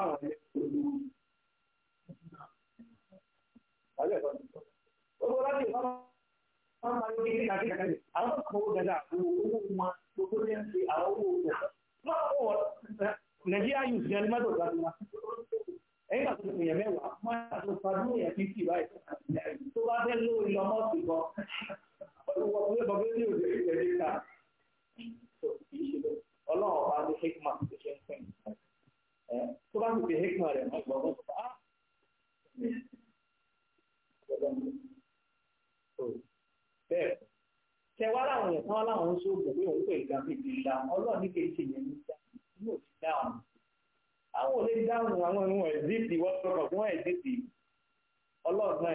àwọn ilé pẹ̀lú gbogbo láti ìfọ́nà wọn máa ń gbé ní kàkí kàkí àwọn kan owó gàdá owó wọn gbogbo ní ẹni àwọn owó wọn lọ́wọ́ wọn nàìjíríà yìí ti ẹni mọ́tò gbàdúrà wọn ẹ̀yìn àti èèyàn mẹ́wàá wọn àti fàdúrà èèyàn fífi báyìí tó bá fẹ́ lórí ọmọ sí kan olùwọ́ pé bàbá yóò lè ṣe ẹ̀dínká ọlọ́run ọba ní hikma tó ṣe ń pè tó bá ti fi hekima rẹ̀ mọ́ ìgbà wọn sọ á. Ah! bẹ́ẹ̀ tẹ wá láwọn yẹn tán láwọn ń sóògùn pé òun pè nǹkan fi ti la ọlọ́run ní kéèké yẹn ní ìjà ní òsì dáhùn àwọn olè dáhùn àwọn ohun ẹ̀dìtì wọ́n sọ̀rọ̀ fún ẹ̀dìtì ọlọ́run náà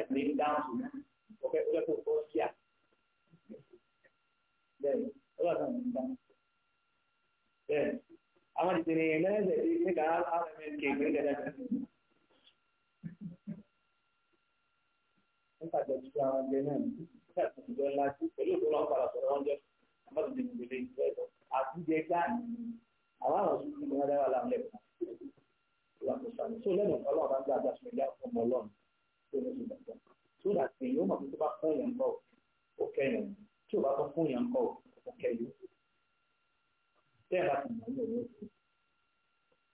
Ama di sini mana jadi ini kan ada main cake ni ada. Entah jadi siapa jenis. Entah jadi lagi. Perlu pulang para orang je. Amat di sini beli. Aku jekan. Awal ada alam lep. Lakukan. So lain kalau orang jaga semenjak pemolong. Sudah sudah. Sudah sih. Umar itu bakal yang kau. Okey. Cuba kau yang kau. Okey tẹ́ ẹ̀ bá ti mọ̀ ní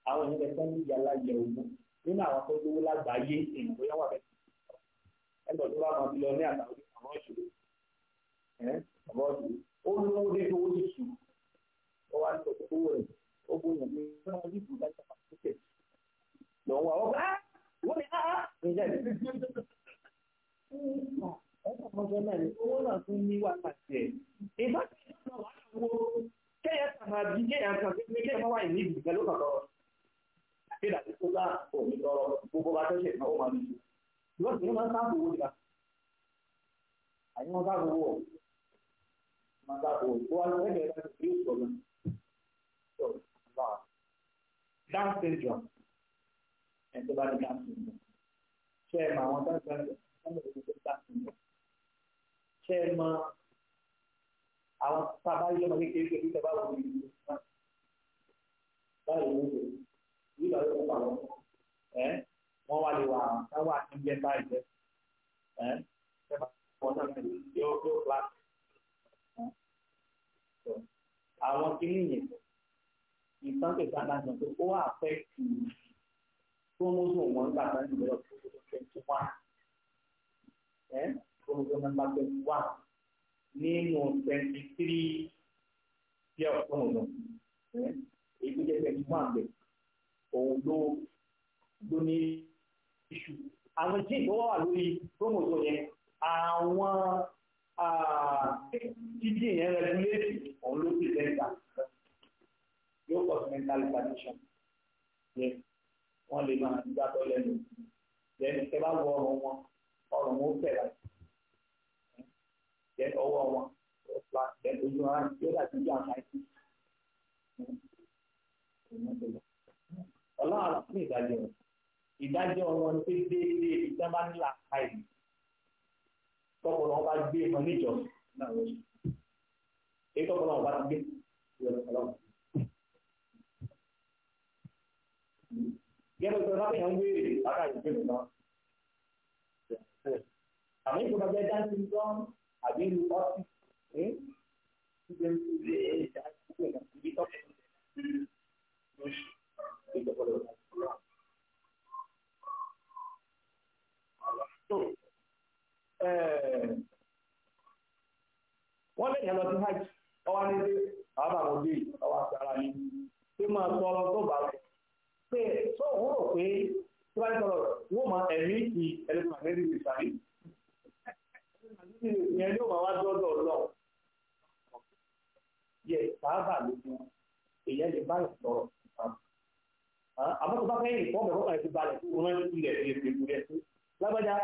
òun àwọn èèyàn bẹ̀rẹ̀ sẹ́ni ìyá láyé ogun nínú àwọn tó lówó lágbàáyé èèyàn bóyá wà bẹ́ẹ̀ ẹgbẹ́ tó bá wọn ti lọ ní àtàwọn àwọn ìṣòro àwọn ìṣòro ó ní owó dé owó ti sùn ó wá ní òkú rẹ̀ ó gbóyàn ní ọmọ ní ìlú láti àwọn àkókò lọ wà ó bá wọ́n ní áá ǹjẹ́ ẹ̀ ẹ̀ ọ̀pọ̀ ọjọ́ náà ni owó náà tún ní wàhálà tiẹ̀ ìbá kéèyàn kàmá bí kéèyàn kàn fún mi kéèyàn má wà ní ìdìbò pẹ̀lú kàkọ́ àti ìdàgbé tó bá òní lọ gbogbo bá tẹ́sẹ̀ ìnáwó máa nìyí lọ́sì ní wọ́n sáà fowó nípa àyè wọ́n sáà fowó wọ́n sáà fowó tó àwọn sábà yìí lọ́mọ kékeré kékeré tẹ́ bá wọ ní ìlú náà báyìí ló ń lò yìí lọ́ọ́ yóò pa wọn ẹ́ wọ́n wá lè wà táwọn àti jẹ́ báyìí jẹ́ ẹ́ tẹ́ bá wọn náà ti yóò yóò pa àwọn kìíní yẹn ìtànkè sábà sọ pé ó wà fẹ́ kì í chromosome wọn gbà sáà ń lọ chromosome twenty one ẹ́ chromosome number twenty one nínú twenty three yẹ ọ̀tún ọ̀nà èyí tó jẹ́ twenty one bẹ̀ òun ló ló ní iṣu àwọn jíì tó wà lórí promotion yẹn àwọn jíjì yẹn regulate òun ló ti lẹ́ta yóò pọ̀ sí mental condition yẹn wọ́n lè máa gbàgbọ́ lẹ́nu lẹ́nu tẹ́ bá wọ ọrùn wọn ọrùn wọn ó fẹ̀ láti then ọwọ́ wọn ọ̀pá then ojú ara yóò dàbí bí àwọn àìsàn. ọlọ́run àti fún ìdájọ́ wọn ìdájọ́ wọn ni pé déédéé ìjọba bá nílà káyìí tọ́pọ̀ náà bá gbé wọn níjọ náà wọ́n ṣe èyí tọ́pọ̀ náà bá gbé wọn gẹ́gẹ́ bí ọlọ́pàá yẹn ń wéèrè látàrí ìgbésẹ̀ náà àmì ìkọ́nà dáńtì ń gbọ́n àbí irú ọ́fíìsì ṣíṣe ń ṣe ìdá ìgbẹ́ náà ibi tó kọ́ wọ́n lè yàn lọ sí hajj ọwọ́ ní pé àwọn àwọn òbí ọwọ́ àti ara ní pé máa sọ ọ̀rọ̀ tó bá rẹ̀ pé tó òun rò pé tí wọ́n ti sọ̀rọ̀ wọ́n máa ẹ̀mí ìkì ẹ̀rẹ́sìn àgbẹ̀rẹ̀ ìsàlẹ̀ ìyẹn ló máa wá dọ́dọ̀ lọ yẹ sáábà lójú èyẹ lè bá ìsọ̀rọ̀ àmọ́ tó bá fẹ́ yìí fọ́ọ̀mù ẹ̀kọ́ kan ti balẹ̀ tó rán ilẹ̀ èdè ìrẹ̀ tó lágbájá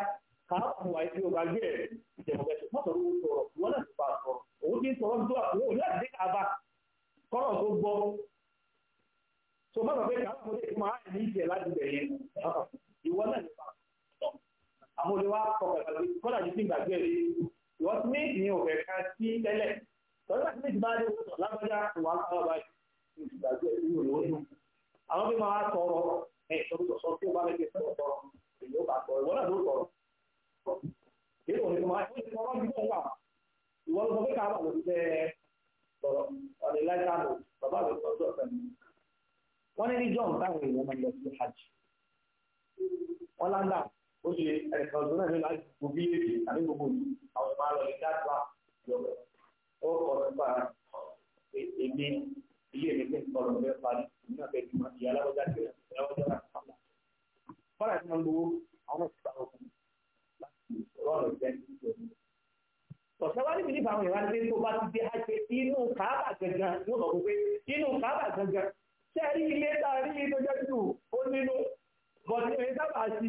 káàpù àìsí ọba gbé ẹ̀ ìjẹ̀mọ̀ bẹ̀rẹ̀ mọ́tò ló sọ̀rọ̀ wọn náà ti bá sọ̀rọ̀ òun ti sọ̀rọ̀ tó àpò òun láti dé kaba kọ́rọ̀ tó gbọ́ so mọ́tò pé káàpù lè máa ní ìjẹ̀ láti bẹ̀rẹ̀ ìwọ náà ti bá àmọ́ olè wa kọ pàtàkì kọ́dà ní sí ìgbàgbé rẹ̀ ìwọ́n ti méjì ní ọ̀fẹ́ ká sí tẹ́lẹ̀ tọ́jú àti méjì bá dé ọ̀sán lágbájá ìwà káwá báyìí ìgbàgbé rẹ̀ yóò lọ́ọ́ dùn àwọn bí máa tọrọ ẹ̀ sọ́dọ̀ sọ tí ó bá lẹ́gbẹ̀ẹ́ sọ́dọ̀ tọrọ èyí ó bá tọrọ ìwọ́n náà ló tọrọ èyí ò ní máa ń tọrọ bí wọ́n wà ìwọ́n ló sọ pé káwá ló ti bẹ́ tọrọ bàbá rẹ̀ tọ́jú ọ̀sẹ̀ wọ́n ní ní john táwọn èèyàn máa lọ sí hajj wọ́n láńdà ó lè ẹ̀sán tó náà ní láti kó bí èdè àbí gbogbo ìlú àwọn ọmọ alọ́ lè dáàbà ìjọba ó kọ nípa èmi ilé mi fẹ́ kọlọ̀ fẹ́ parí èmi náà fẹ́ jùmọ̀ ìyá alábọ́já tí wọ́n ti wá sọ́kà. fọ́nà tí wọ́n gbowó àwọn ti ta ọkùnrin láti rọ́ọ̀lù jẹ́ ìjọba. Ọ̀sẹ̀wájú mi nípa àwọn ìwádìí pé tó bá ti dé àjẹ inú kàábà gangan yóò lọ pé inú kàábà gangan ṣé rí ilé tá a rí ilé tó jẹ́ tù ó nínú bọ̀dé ìwé sábà sí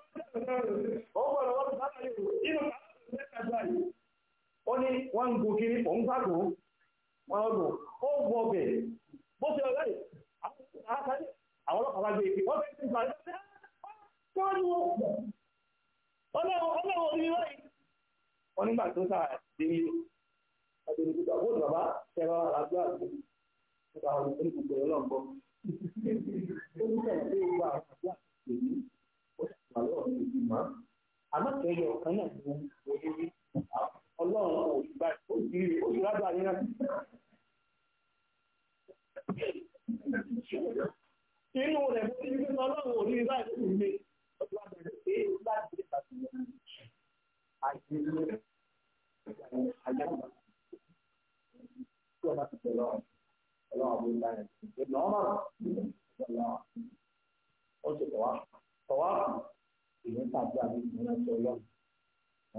ó ní wọ́n ń gòkè ní òun wọ́n gbò ó gbọ́ ọbẹ̀ bó ṣe ọ̀rẹ́ àwọn ọlọ́pàá wájú èké wọ́n fẹ́ẹ́ ti gbà lọ́wọ́ wọ́n ní ọlọ́wọ́ orí rẹ̀ wọ́n nígbà tó sáà délé ọdún ìgbà bó bàbá ṣẹlẹ̀ àgbà àgbà nípa onígbùgbọ̀ ọlọ́gbọ́n ó ní sọ̀rọ̀ pé ó gba ọlọ́run ní ìlú mọ́ amákẹ́yẹ ọ̀kan náà ló ń wọlé ọlọ́run ò gbà ó sì ní náà. inú rẹ̀ bó ti rí ọlọ́run ò ní rí báyìí ọjọ́ àbẹ̀rẹ̀ pé ó láti rí pàtó yẹn. àìsí ilé àyàwó tí ọba ti tẹ̀ lọ́wọ́ ọlọ́run ló bá yẹn. ìgbẹ́ náà wà ó ṣe tọ̀wá tọ̀wá ìyẹn tàbí àbí ìyẹn sọ lọ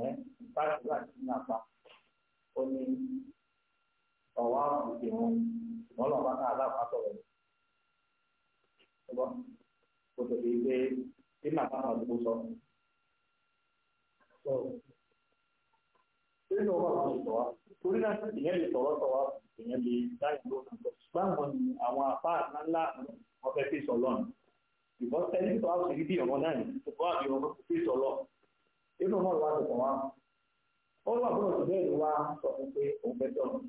ẹ báyìí láti ní apá ó ní ọwọ́ àbùkù wọn wọn lọ bá náà lápá sọ̀rọ̀ ọgbọ kò tẹ̀lé ilé tí màmá náà ló sọ sọ nínú ọwọ́ àwọn ìtọ wa torí náà ìyẹn lè sọ̀rọ̀ sọ ìyẹn lè dá ìlú náà sọ báwọn àwọn apá ńlá wọn fi sọ lọ́nà because telling people how to lead your money to go out your face or law. If no one wants to come out, all we are going to do is one sọ fún pé òun fẹ́ tọ̀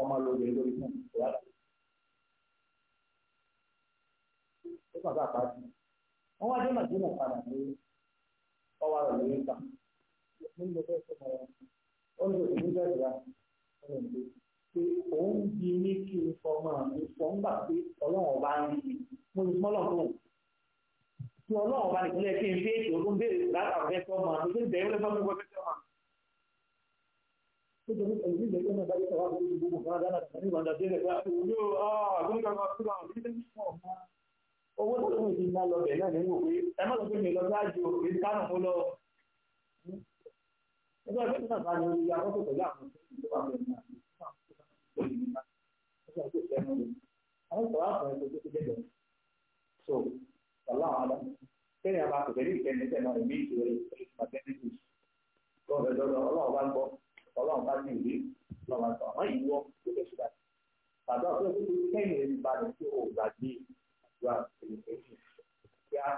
ọmọ lóore lórí fún ìwà rẹ̀. Ó kàn sáà pàṣẹ. Wọ́n wá dé Nàìjíríà padà ní ọwọ́ rẹ̀ lórí ìta. Ó ní mo fẹ́ sọ̀rọ̀ ó ní oṣù nígbà ìgbà ó ní ìgbésí pé òun di ní kí n fọmọ mi fọ ń gbà pé ọlọ́run ọba ń rí mi mo ti fún ọlọ́run tóun tí ọlọ́run ọba nìkan yẹ kí n fi ètò ọdún béèrè láta fẹ́ fọmọ mi tó ń bẹ̀rẹ̀ lọ́fọ́ mi wọ́n fẹ́ fọmọ. tó jẹ́ nípa ìlú ìgbẹ́jọ́ náà bá yẹ kí wọ́n fi gbogbo nǹkan dáná tàbí ní ìwọ̀n dàbí ẹ̀rẹ̀ pé òun yóò àgbọ̀ngàn máa fi wà ní ilé owó tó ń fi ná lọ bẹ̀ náà nínú pé ẹ má lọ pé mi lọ sáájú èyí kánà mo lọ. ẹgbẹ́ ìgbésẹ̀ náà bá ní orí akọ́kọ̀ pẹ̀lú àwọn ọ̀sẹ̀ ìjọba bẹ̀rẹ̀ náà àwọn sọ̀rọ̀ àwọn ẹ̀sọ́ tó ti dẹ́gbẹ̀ẹ́ so ọ̀la àwọn ọ̀la kẹ́ni àbá kò tẹ̀lé ìkẹ́ni ní tẹ̀lé ìmí ìṣòro ìpàtẹ́nìtì lọ́wọ́ lọ́wọ́ ọlọ́run bá ń gbọ́ ọlọ́run bá ní ìwé lọ́wọ́ àtọ̀ àwọn ìwọ tó lè ṣùgbọ́n bàbá tó ti ti kẹ́yìn rẹ̀ bá rẹ̀ tó gbàgbé àdúrà tẹ̀lifẹ̀sì kí á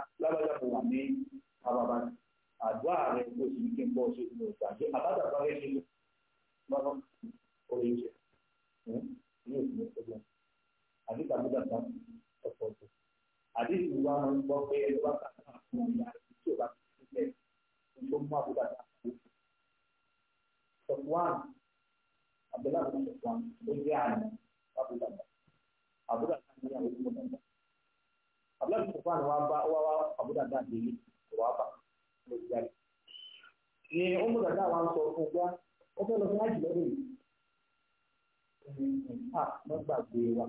lábàjá gbọ́ pé ẹni wá kà á fún ìyá tí ò bá ti sílẹ̀ tó mú àbúrò àti àbúrò. Sọ̀tùwán Abdullahi Abu Sọ̀tùwán ó jẹ́ àná àbúrò àgbà. Àbúrò àgbà ní àwọn ìlú mọ̀tàgbà. Abdullahi Abu Sọ̀tùwán wá bá wá wá àbúrò àgbà délé kò wá bà ló ti jáde. Ní ọmọ dàda wa ń sọ fún wa, ó fẹ́ lọ sí láti lọ́dún yìí. Ìfà lọ́gbàgbé ah, wa.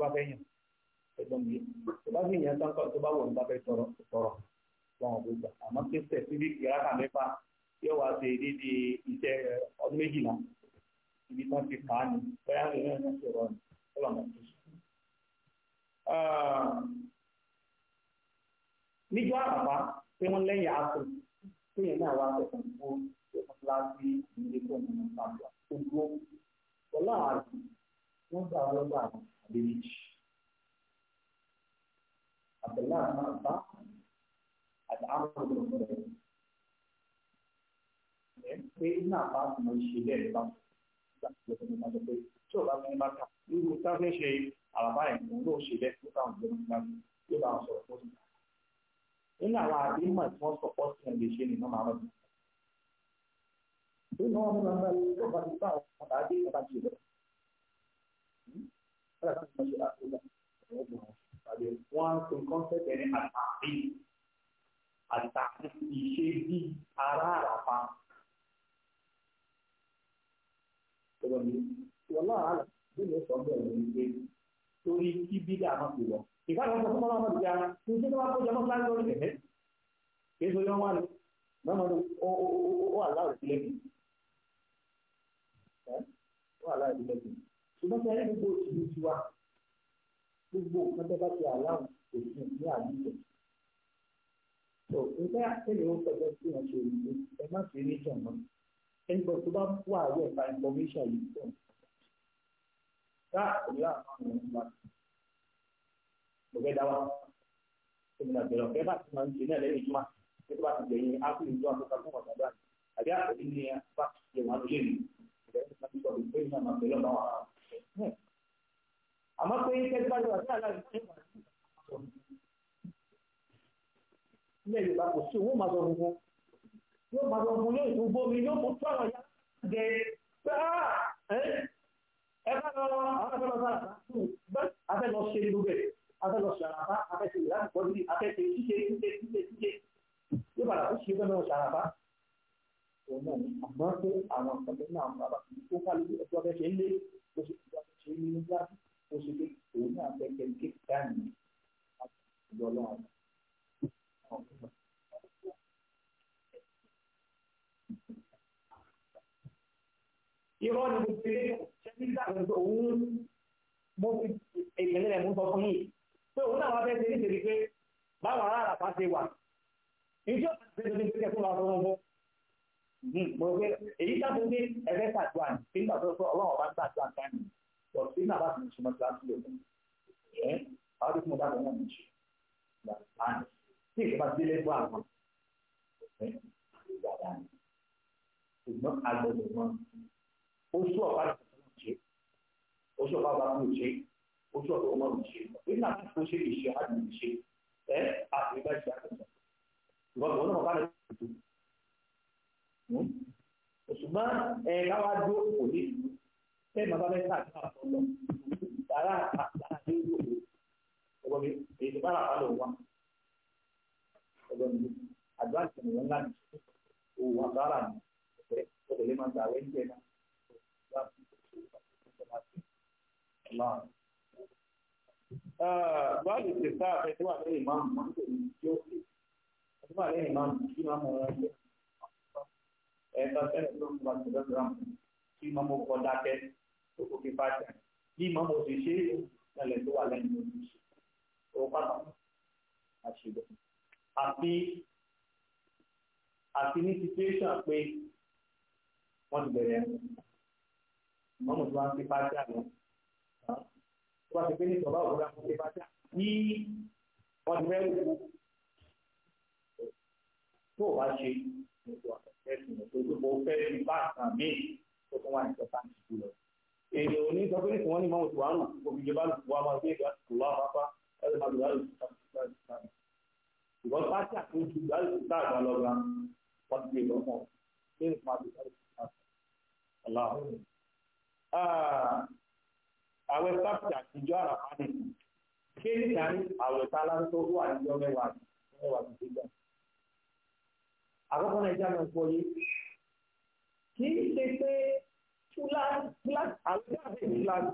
bá fẹ́ yàn ẹ̀gbọ́n mi tó bá fi yàn tán tó bá wọ̀ ní bá fẹ́ tọrọ tọrọ wọn ò gbà àmọ́ pé specific ìrákà mẹ́fà di wá ṣe dédé iṣẹ́ ọdún méjìlá ibi tán ti kà á ní bóyá ní ìrìn àjò ọ̀rọ̀ ni ó lọ́nà tó sùn. níjọ́ àpapá pé wọ́n lẹ́yìn aṣọ téèyàn náà wá sọ̀tàn fún kíláàsì ìdílé tó ń bá a dúró. pẹ̀lú àwọn àti wọ́n gbà wọ́n gbà wọ́n méjì àbẹ̀là máa bá àti àwọn ọ̀dọ́ rẹ̀ ẹ̀ pé náà bá mọ̀ ṣe bẹ́ẹ̀ bá láti ọ̀dọ́ máa sọ pé tí ò bá fi ní bá ta irú táfẹ́ ṣe àlàbá ẹ̀ mú ló ṣe bẹ́ẹ̀ tó táwọn ọ̀dọ́ máa yóò bá wọn sọ̀rọ̀ fún mi. nínú àwọn àdéhùn tí wọ́n sọ̀pọ̀ sí ẹ̀ lè Wọ́n tún kọ́ńtẹ́tẹ̀ ní àtàrí àtàrí ìṣe bí ará àràpá. Ìwọ̀n mi, ìwọ̀n náà àlà bí mo sọ bẹ́ẹ̀ ní pé torí kí bídà máa fi wọ̀. Ìkáàdì wọn sọ fún ọlọ́run ìjà kí n ṣe tó wá kó jọmọ́ kíláàsì lórí ẹ̀fẹ́. Kì í sọ yọ wá ní mọ́mọ́ ní ó àláwọ̀ sílẹ̀ bí. Ó àláwọ̀ sílẹ̀ bí ṣùgbọ́n tí a rí gbogbo ìlú ti wà gbogbo nǹkan tó bá ti aláwọ̀ kò sí ní àdúgbò. tó nígbà tẹ́lẹ̀ ó fẹ̀jọ́ sí wọn ṣe ìlú ẹ má fi rí jọ̀mọ́ ẹgbẹ́ tó bá kú àwọ̀ ẹ̀ka information yìí tó ń bá òun láwọn àwọn ọmọ ọgbẹ́ dá wa ìgbìmọ̀ àgbẹ̀rẹ̀ ọ̀fẹ́ bá ti máa ń ṣe náà lẹ́yìn ìjọba tí ó bá ti gbẹ̀yìn ápùlù ìjọba tó ka fún ọ̀gá àgbà àbí àpòlí ni bá ti ṣe wọn lórí ìlú ìgbẹ́ àmọ́ pé iṣẹ́ gbádùn àti aláìsí ṣe wà ní ilẹ̀ Yorùbá kò sí owó màá sọ funfun yóò màá sọ funfun yóò tún gbómi yóò tún tún àwọn ìyá gẹ pé ah, ẹ bá lọ àwọn afẹ́lọ́ sára bẹ́ẹ̀ afẹ́lọ́ ṣe ní gbogbo ẹ̀ afẹ́lọ́ ṣàràbá afẹ́ṣe láti pọ̀ sí afẹ́ṣe ṣíṣe ṣíṣe ṣíṣe ṣíṣe yóò padà ó ṣe fẹ́ẹ́ ṣàràbá òun náà àmọ́ èyí ló bá ó ṣe pé òun náà fẹ́ kẹ́ kí dání àjọ ọlọ́run. irọ́ ni mo ti rí ṣe nígbà tó òun mo fi ìpínlẹ̀ rẹ̀ mú sọ fún yìí pé òun náà wá fẹ́ ṣe nítorí pé báwọn ará àràpá ṣe wà ìjọ àti ṣe fún wa lọ́wọ́ fún hmm, mo rò pé èyí sábẹ́ ẹgbẹ́ ṣàdúrà nígbà tó sọ ọlọ́run ọba ń ṣàdúrà káàkiri pọ̀ sí náà bá ti ń súnmọ́ kíláàsì lòun ẹ́ àwọn tó kún ọba àgbà náà ń jù ìgbà báyìí tí ìjọba délé bọ́ àwọn ẹ̀ ìgbà báyìí ṣùgbọ́n agbọ̀dọ̀ wọn oṣù ọ̀pá ìṣẹ̀lẹ̀ ṣe oṣù ọ̀pá ọba kò ṣe oṣù ọ̀pá ọmọ kò ṣe nígbà tí kò ṣe eh? lè ṣe àti hmm? lè ṣe ẹ́ àti ìgbà ìṣẹ̀ àtẹ̀sán ìgbà bọ̀ náà bá rẹ̀ ṣùgbọ́n eh, ẹ̀ káwá dúró kò ní ìlú ṣé màá bá bẹ ká àti àpò lọ sàrà àtàlà ní ìlú ọgbọ́n mi èyí tó bá rà pálọ̀ wá ọgbọ́n mi àdúrà ìṣẹ̀lẹ̀ ńlá ní òwò àtàrà ní ọ̀fẹ́ ọ̀tẹ̀lẹ́ máa gbà wẹ́ ńjẹ́ náà wá sí ọ̀la. Báàlì ṣe sá àfẹ́ tí wà lẹ́yìn máa ń mọ̀ ní ìlú tí ó ṣe. Àti wà lẹ́yìn máa ń kí máa mọ̀ ọ́n ṣe. Ẹ̀ka sẹ́yìn ló ń gba máa mọ̀ kọ́ dákẹ́ tó kó fi bá jà bí mọ́mọ́ ti ṣe ẹlẹ̀ tó wà lẹ́nu ojú ṣe tó pàtàkì àṣìlò àti àti ní situation pé wọ́n ti bẹ̀rẹ̀ mọ́mọ́ tó wá ń fi bá jà lọ tó bá ti pé ní ìjọba òwúrọ̀ àwọn fi bá jà ní wọ́n ti bẹ̀rẹ̀ wò tó o bá ṣe ètò àkọsílẹ̀ tó o fẹ́ fi bá àtàmì tó tún wà ní ìjọba àti ìjọba èèyàn ò ní sọ pé nísìnyí wọ́n ní mọ́wọ́sí wàá nù gbogbo ìjọba nù wàá máa gbé ìgbà tó wá pápá ẹ̀rọ máa dùn láti ṣùgbọ́n pátí àtúntò láti ṣe táàgbà lọ́gbà wọ́n ti gbé lọ́mọ ṣé ní máa dùn láti ṣe táàgbà aláwọ̀. àwẹ̀ sáfì àtijọ́ àràpá ni ṣé níta ní àwẹ̀ tá láńtó wà níjọ́ mẹ́wàá mẹ́wàá ti ṣe gbà. àkọ́kọ́ nàìjíríà náà gbọ́ yé kì í ṣe pé fúlàní fúlàní àwọn ìdáàbò fúlàní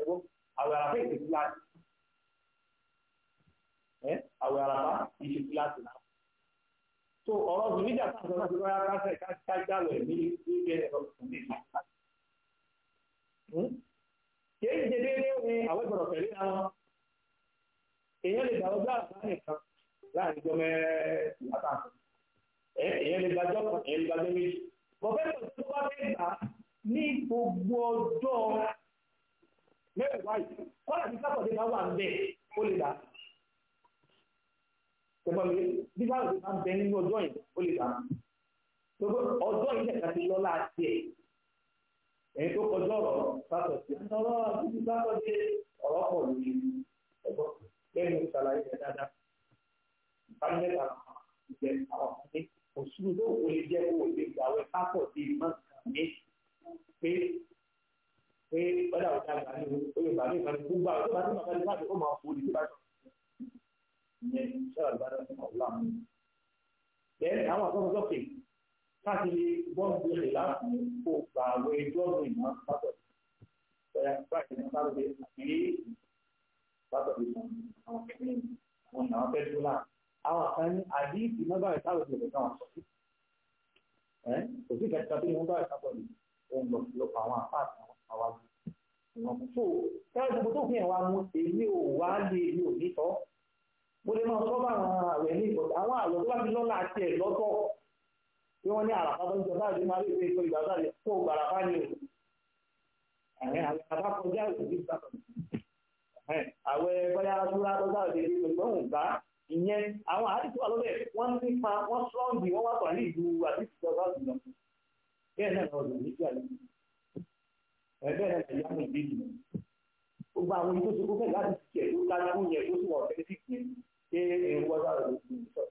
ẹ̀wọ́ àwọn àràbà èdè fúlàní ẹ̀ àwọn àràbà ìṣe fúlàní náà tó ọ̀rọ̀ zùmídà káàkiri náà ti rọ́yà káṣẹ̀ kájà lọ ẹ̀mí ní ẹ̀rọ ìṣẹ̀lẹ̀ kìí ṣe déédéé ní àwọn ìgbọ̀rọ̀ pẹ̀lú àwọn èèyàn lè gbàgbọ́ gbàgbọ́ nìkan láàrin jọmọ ẹ̀ẹ́dì àtàkùn èèyàn lè gbàjọ́ kan èèyàn lè gbàjọ́ méjì bọ̀fẹ́ tó bá fẹ́ gbà ní gbogbo ọjọ́ mẹ́wàá yìí kọ́lá ní sátọ̀dé máa wà níbẹ̀ ó lè dà tẹ̀gbọ́n mi bí sátọ̀dé máa ń bẹ nínú ọjọ́ yìí ó lè dà ọjọ́ yìí lẹ̀ka ti lọ́la ọ̀rọ̀ pọ̀ lórí ẹ̀gbọ́n lẹ́nu ìṣàlàyé ẹ̀ dáadáa ìbánilẹ́ta ìjẹ àwọn ọ̀sùn tó kò jẹ́ kó o lè gbàwẹ́ sátọ̀dé mọ́ pé pé ọ̀dà ọ̀dà àgbà ni Yorùbá ní ìfẹ́ gbogbo àwọn tó bá tó bàbá ní fáàbí ó máa fòlì tó bá tó ìyẹn sọ̀rọ̀ ìbára fún ọ̀la mi. Bẹ́ẹ̀ àwọn àkọ́kọ́ sókè káàkiri bọ́ọ̀lù lè láti kó gba àwọn ẹjọ́ ọ̀gbìn ìmọ̀ pátọ̀ bẹ́ẹ̀ báyìí ní sáré àti pátọ̀ ìmọ̀ àwọn kẹ́kẹ́ wọn ni àwọn fẹ́ dúró náà. Àwọn kan ní àdí ìmọ̀ báyìí sáré ìbẹ̀rẹ̀ náà sọ òun lọ sí ọ̀pọ̀ àwọn àpáàtì àwọn àwájú. so gbogbo fi hàn èmi ò wá ò ní mo lè máa àwọn àwẹ̀ ní ìbọ̀dọ̀ àwọn àwẹ̀ tó bá lọ́la àti ẹ̀ lọ́tọ̀ wọ́n ní tó ń jọ báyìí máa lè fẹ́ ìgbà sáré ni o àwẹ̀ ìgbà ìyẹn àwọn àdìsí wà wọ́n nípa wọ́n bẹ́ẹ̀ náà lọ́ọ̀dù nígbà yìí ẹgbẹ́ rẹ̀ lè yàgò ìbejì gbogbo àwọn ibi tó ti kó fẹ́ láti tiẹ̀ tó lágbó yẹn tó sì wọ̀ fẹ́ sí pé ṣé ewu ọjà rẹ̀ ló ti sọ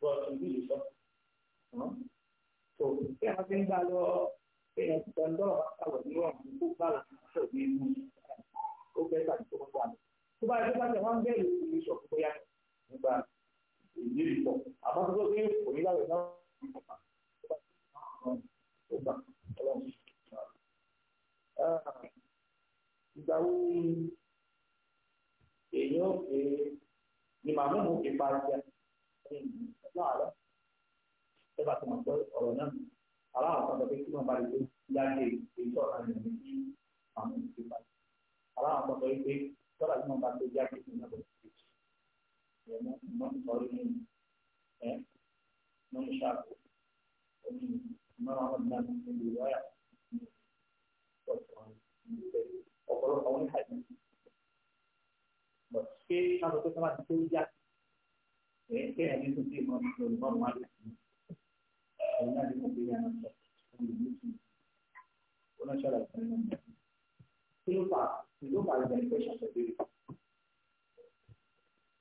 bọ̀ tó bí lè sọ. tó bẹ́ẹ̀ wọ́n ti ń gbà lọ èèyàn ti tẹ̀lé lọ́wọ́ àtàwọn ìlú ọ̀hún tó gbà láti sọ bí inú ó fẹ́ tàbí tó wọ́n wà lọ. tó bá yẹ ìgbà wo ni èèyàn pè é ni màmú mú fi parí ẹ ẹgbẹ́ àlọ́ ẹ bá ti mọ̀ pé ọ̀rọ̀ náà aláwọ̀ kan sọ pé kí wọ́n bá lè tó yáde èyí tó ọ̀rọ̀ àyẹ̀wò ní màmú mú fi parí aláwọ̀ kan sọ pé tọ́lá tí wọ́n bá tó yáde èyí náà bọ̀ sí ẹ̀ mọ́ ìsọ̀rí ní ẹ̀ mọ́ ìṣàkóso. ما عملنا من رواية ọ̀pọ̀lọpọ̀ àwọn ìhàjì bọ̀ ṣé káàbọ̀ tó sábà ti tó yá ẹ̀ kéèyàn ní tó dé ìmọ̀ ní olùmọ̀ máa lè fún ẹ̀yìn náà ní mo gbé yàrá sọ ọ̀hún ìlú tù ó náà ṣọlá ìfẹ́ náà kí ló fà kí ló fà lẹ́yìn ìfẹ́ ṣàṣẹ̀bẹ̀rẹ̀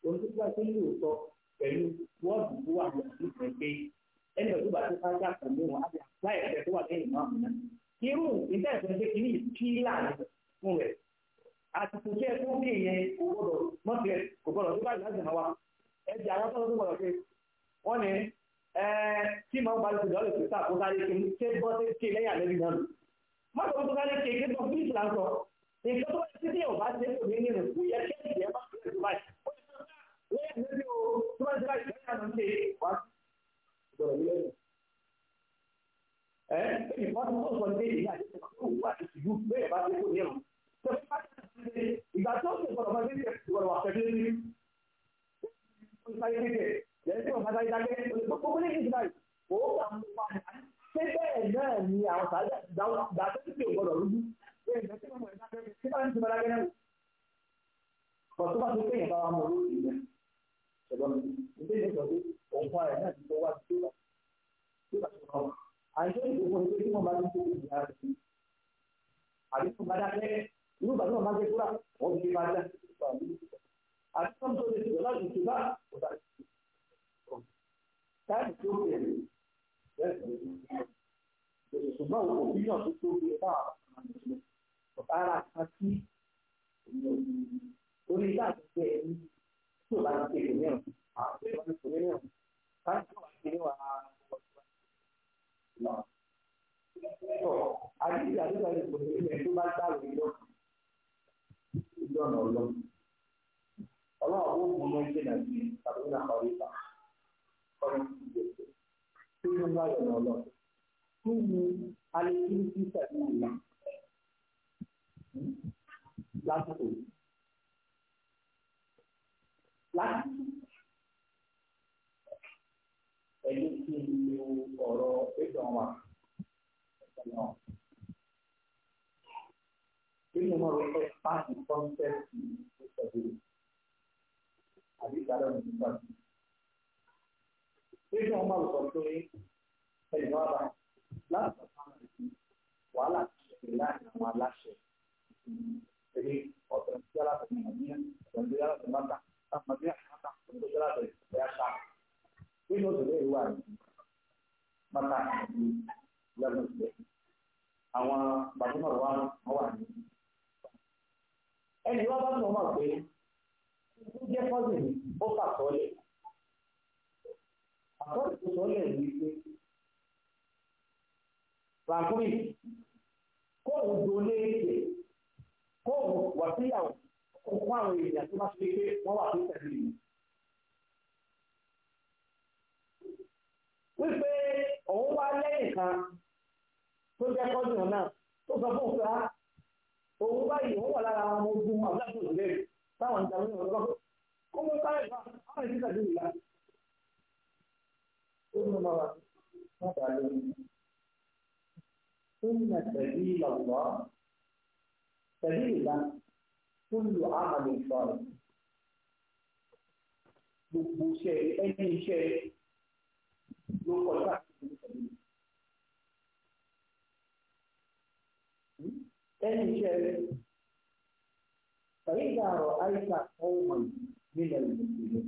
ohun tó gbà pé lóòótọ́ pẹ̀lú wọ́ọ̀dù tó wà ní àdúgbò ẹgbẹ́ yìí ẹni pẹ̀lú bàtí fájá pẹ̀lú wọn àti àpáyé ẹ̀fẹ́ tó wà lẹ́yìn máa mú náà. irú ìdá ìfẹ́ pé kí ní pílà fún rẹ̀ àtìkù tí ẹ tó bí ìyẹn kò gbọdọ̀ mọ́tì ẹ̀ kò gbọdọ̀ tó báyìí láti máa wá ẹ̀jẹ̀ àwọn tó gbọdọ̀ pé wọ́n ní tí màá bá lùkùdọ̀ lè pèsè àkókálẹ̀ kí ṣé bọ́ sí ṣe lẹ́yìn àlẹ́bí náà lù. mọ́tò àkókálẹ̀ kí ṣé bọ́ sí ìṣìlá ń sọ nǹkan tó ti dé ọ̀bá ṣe kò ní nínú kò yẹ kí ẹ̀jẹ̀ bá ṣe lè tó báyìí. ó yẹ kí ẹ̀jẹ̀ tó bá ṣe báyìí gbọ́dọ̀ ní lẹ́yìn. ẹ ìfọ́sọ́ sọ ní ìyá àti ìwà ìṣubú bẹ́ẹ̀ bá ti kó níran. ìgbà tó ṣe gbọ́dọ̀ bá dédé gbọ́dọ̀ wà pẹ̀lú ní ìsáyé dédé lẹ́yìn tí wọ́n bá dáyé dáké gbogbo ní ìgbà yìí ó wà mú wa ṣé bẹ́ẹ̀ náà ni àwọn sàájà dàtọ́ sí ògbọ́dọ̀ rújú bẹ́ẹ̀ bẹ́ẹ̀ tí wọ́n mọ̀ ẹ̀ Bọ̀tún bá ti pè é bá wa mọ̀ lórí ìgbà. Ṣùgbọ́n ní ilé ìgbà tó òǹkà rẹ̀ náà ti lọ wá sí ìgbà tó lọ. àìsí ìdókòwò ìgbé tí wọ́n bá ti tó ìgbà rẹ̀ sí. àbí tó bá dákẹ́ inú bàtí wọn bá jẹ kúrà wọn fi bá dá àti wọn tó lè sọ láti ṣe bá ọ̀dà táàbì tó bẹ̀rẹ̀ bẹ̀rẹ̀ ṣùgbọ́n òpínyàn tó tó bẹ̀rẹ̀ bá ọ̀tara àti orí láti bẹ̀rẹ̀ ní tó bá ti tẹ̀lé mẹ́rin àti ìwádìí tó lé mẹ́rin àdìsí àdìsí àdìsí kò sí ẹni tó bá gbà lórí lọ ìjọ ọ̀nà ọlọ́run ọlọ́run ó mú ọmọ ẹgbẹ́ náà sí tàbí náà ọ̀rẹ́ ìta ọ̀rẹ́ ìgbẹ́ tó ń bá ọ̀nà ọlọ́run tó mú alẹ́ kí ẹni tí ń lo ọ̀rọ̀ ẹ̀dùn wa ẹ̀dùn náà. Nínú wọn ló fẹ́ pàṣẹ kọ́ńtẹ́ẹ̀tì ìṣẹ̀lẹ̀ àbí ìdálẹ́ òní nígbà tí. Nínú wọn máa sọ pé ẹ̀dùn wa bá láti ọ̀sán àti wàhálà ti ṣẹlẹ̀ láàrin àwọn aláṣẹ. Èyí ọ̀sẹ̀ ìṣẹ́ alábẹ̀rẹ̀ Nàìjíríà, ọ̀sẹ̀ ìṣẹ́ alábẹ̀rẹ̀ Mọ́tà, ọ̀sẹ̀ ìṣẹ́ alábẹ̀rẹ̀ Mọ́tà, ọ̀sẹ̀ ìṣẹ́ alábẹ̀rẹ̀ Mọ́tà, Ilmu sudah luar. Mata luar sudah. Àwọn bàbá náà wà ní. Ẹni wá bá tún ọmọ pé ó jẹ́ ó fà sọ́lẹ̀. tó sọ́lẹ̀ ní kó òun dolé kó òun wà síyàwó kó òun àwọn èèyàn tó wípé òun wá lẹ́yìn kan tó jẹ́ kọ́dùn náà tó sọ fún òfin ah, òun báyìí òun wà lára àwọn ogun abúlé òṣèlú táwọn ìjà lóyún ọgbọ́n kó mú káyọ̀ bá àwọn ìdíkà dé ìlà ó ní ọmọ wa wọn bá lóyún ó ní àtẹ̀lé ìlàwọ̀ tẹ̀lé ìlà tó lu àmàlẹ̀ ìfọ̀rọ̀ gbogbo iṣẹ́ ẹni iṣẹ́ ló kọjá àtúntò pẹ̀lú mi. ẹni iṣẹ́ rẹ̀ pẹ̀lú ìdàrọ̀ àìsà ọ̀hún nílẹ̀ ìlú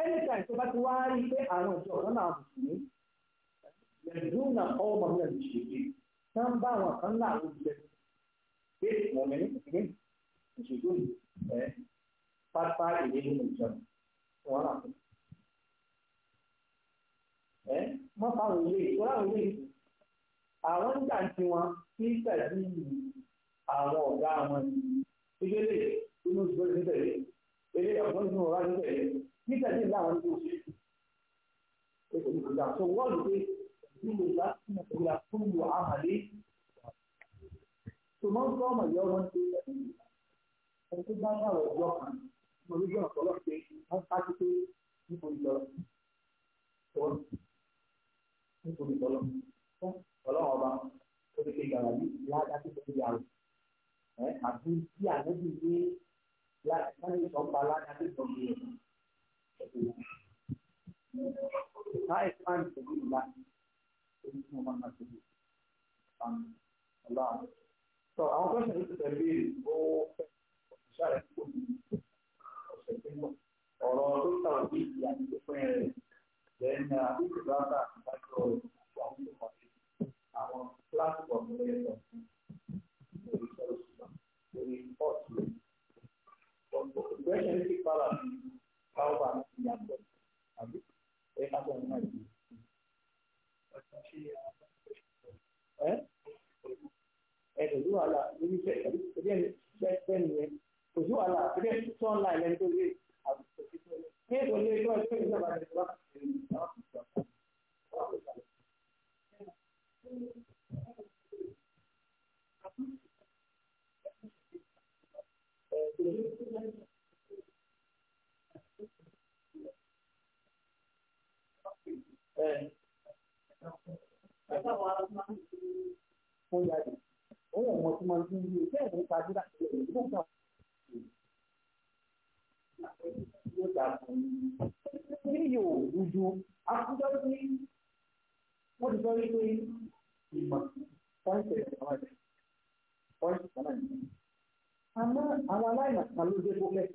ẹni ìta ìjọba ti wá rí pé àwọn ìjọ kan náà mùsùlùmí yẹ̀dùn náà ọmọ mi lẹ́nu ṣèké tán bá àwọn kan náà wọ́n jẹ pé wọ́n mẹ́rin kìíní ìṣègùn ẹ̀ pápá ìlú ìjọba wọn náà fún ẹ mọ́ fáwọn ilé ìtọ́ láwọn ilé ìtọ́ àwọn nígbà tí wọn kí tẹ̀lé àwọn ọ̀gá wọn ìgbélé inú ìgbélé tẹ̀lé ilé ọ̀gbọ́n inú ọ̀rá tẹ̀lé kí tẹ̀lé láwọn tó ṣe ètò ìgbà tó wọ́ọ̀lù pé ìlú ìgbà ìgbà fún ìwà àmàlé tó máa ọmọ ìyá ọmọ ní ẹni tó bá bàrọ̀ ọjọ́ kan ní orí ìjọba ọlọ́pẹ́ wọ́n sáà ti pé nípa ìjọba nítorí tọ́lọ́ fún ọlọ́run ọba ó ti ṣe ìgbàlá yìí ládàá tó ti yàrá ẹ àbí tí ànábì gbé láti sọ́pa ládàá tó sọ fún ẹ láì fáìn tẹ̀lé ìlà èyí tí wọ́n máa ma tẹ̀lé ọlọ́run. sọ àwọn kọ́sìn yìí ti tẹ̀lé ó fẹ́ ìṣàlẹ̀ tó kù ọ̀sẹ̀ tó ń bọ̀ ọ̀rọ̀ tó tàwọn bí ìyá ti tó fẹ́ rẹ̀. Then àkókò dáadáa àti dájọ́ ìgbà wọn tó wáyé àwọn kíláàsì kan ló yẹ kàn sí lórí sọ́ọ̀sì lórí pọ́ọ̀tù rẹ̀. ìgbésẹ̀ ti padà sí káwọ́ àti ìyàgbẹ́ àbí ẹ̀ ká bọ̀ nínú àìsí. ẹ pẹ̀lú wàhálà lórí ìfẹ́ ìfẹ́ bẹ́ẹ̀ ni ẹ pẹ̀lú wàhálà àti bẹ́ẹ̀ tó Oya, oya mọ̀ tí mo ń bí ilé ẹ̀rọ ìpàdé láti ẹ̀rọ ìgbóhùn náà yóò ta fún mi ní yóò dúdú akúndọ́ sí wọ́n ti sọ wípé ìmọ̀ pọ́ǹtì rẹ̀ náà rẹ̀ pọ́ǹtì náà rẹ̀ àmọ́ àwọn aláìmọ̀ kan ló dé bókẹ́.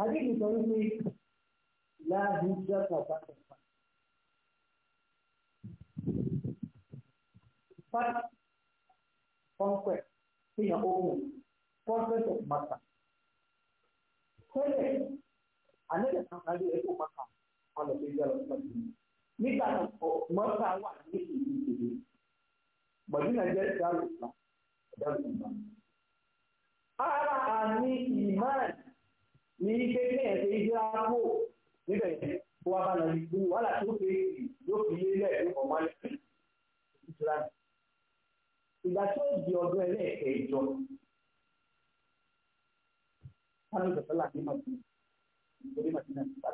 àdéhùn sọ wípé láàbùn jẹ́ta bá tẹ̀sán. Fáàkì, conquest, portrait of Makkah. Tẹ́lẹ̀, àlẹ́lẹ̀ kan kájú ẹ̀kọ́ Makkah wọn lọ sí ìjọ lọ sí ọdún. Nígbà Makkah wà ní ìlú ìlú. Mọ̀dúnà jẹ́ ìdáàbò ìgbà. Ìdáàbò Ara Ìgbà tó di ọdún ẹlẹ́ẹ̀kẹ́ ìjọ. sáré ìgbàsọ́là ní màdínà nítorí màdínà nígbà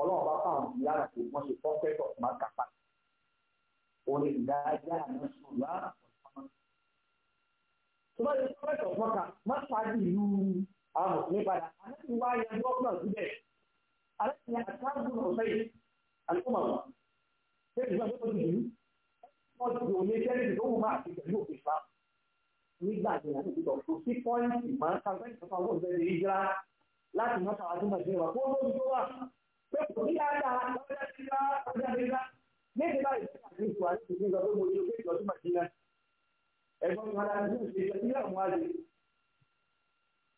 ọlọ́run bá fáwọn ìdílé ara pé wọ́n ṣe pọ́fẹ́tọ̀ má kápá orí ìdájá àná ṣùgbọ́n ọ̀sán. tó bá yẹ pọ́fẹ́tọ̀ mọ́ta má pàdé ìlú àwọn mùsùlùmí padà àti wá yẹ gọ́ọ̀nà síbẹ̀ àti àtàkùn ọ̀sẹ̀ yìí àti kọ́mà wọn. ṣé ìgbà tó ti dùn ún wọ́n ti dùn ún nígbà tí wọ́n ti sọ kò sí pọ́ìntì máa ń ta fẹ́ǹsì kan fún ọ̀sẹ̀ ní ìjìlá láti má ta àdúgbò ìjìlá wà kó lóbi tó wà pé kò ní àdá ọjà ìjìlá ọjà ìjìlá méjì báyìí ti kàdé ìtura ní ìdílé ìjọba mo yọ pé ìjọba máa jìnnà ẹ̀gbọ́n mi ara ní ìṣe ìjọba ìjọba mo àlè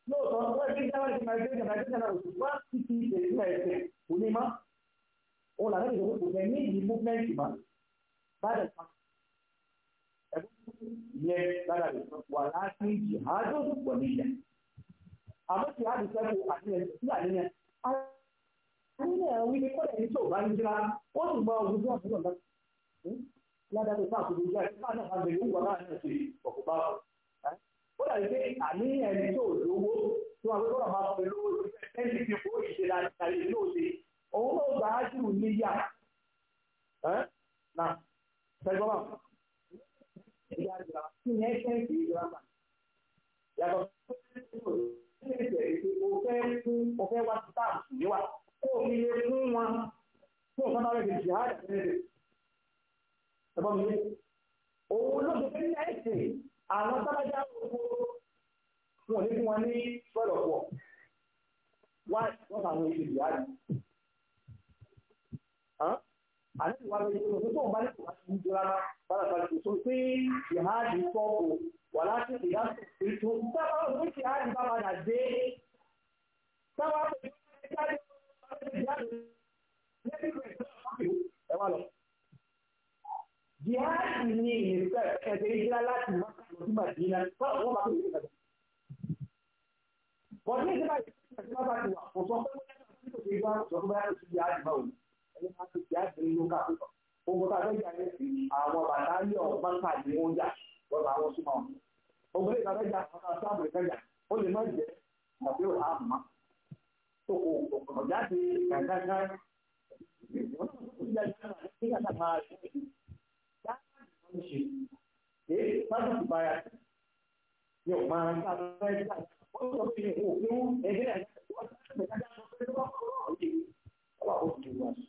lóòótọ́ wọ́n ti dáwọ́ ìjọba ìjọba ìjọba òṣùpá títí ìṣèlú ẹ̀sẹ̀ òní má òun làwọn ìjọba kò fẹ́ ní ìdí múfẹ́ǹtì má bá yẹ lára rẹ̀ wà láti jihadu pọ̀ nílẹ̀. àmọ́ jihadu sẹ́kù àti ẹ̀ sí àníyàn àníyàn àwọn ilé kọ́lẹ̀ ní tó bá ń jira ó sì gba ọdún tó àbúrò náà. ládàá tó kúrò jẹ́ náà bẹ̀rẹ̀ wà láàrin ẹ̀sìn ọ̀pọ̀ bá wọn. ó dàbí pé àníyàn tó lówó tó máa lówó ẹ̀sìn ìṣẹ̀lẹ̀ ìyá àgbà tí yẹn kẹ́sì ìjọba yàtọ̀ o fẹ́ wá sí táàbù níwà kó o fi lè o fọ́nà rẹ̀ jihad rẹ̀ ẹ̀bọ́n mi òun ló ti fẹ́ ẹ̀sìn àwọn sábàjá òkú wọn ní fún wọn ní sọ́dọ̀ pọ̀ wá wọ́n fà wọn ṣe àti ìwà lórí ìṣòro tó ń bá nípa ìwà ìṣòro rárá bára ti sọ pé ìhádìí sọ́ọ̀kù wà láti ìdá ètò sábà ló fi ìhádìí bá padà dé sábà ló fi ìhádìí bá padà dé lẹ́yìn ìgbà ìṣòro ẹ wá lọ. jihadi ni ìrìnsẹ̀ ẹ̀sẹ̀ ìjìlá láti má kàlọ́ sí màdínà wọ́n bá tó ìrìn àjò. bọ̀dé ìjọba ìṣẹ̀lẹ̀ ìjọba ti wà kò sọ pé wọ́n yẹ ẹni ká tó ti àgbẹ̀ nínú kápẹ́tọ̀ ogun tá a fẹ́ jà ní sí àwọn bàtàlì ọ̀gbọ́nta ni wọ́n jà lọ́dọ̀ àwọn súnmọ́ wọn ogun lè tàbí jà àwọn sáàbù lè fẹ́ jà ó lè má jẹ́ àbí ò á mọ́ tó kò kò jáde kankan Èyí sábà ti báyà ní ọ̀gbọ́n àwọn sábà fẹ́ jà ó sọ pé òfin ẹgbẹ́ ẹ̀ka ìwọ́n sábà fẹ́ jà lọ́wọ́ ọ̀gbìn ọ̀gbìn ọ̀gbìn.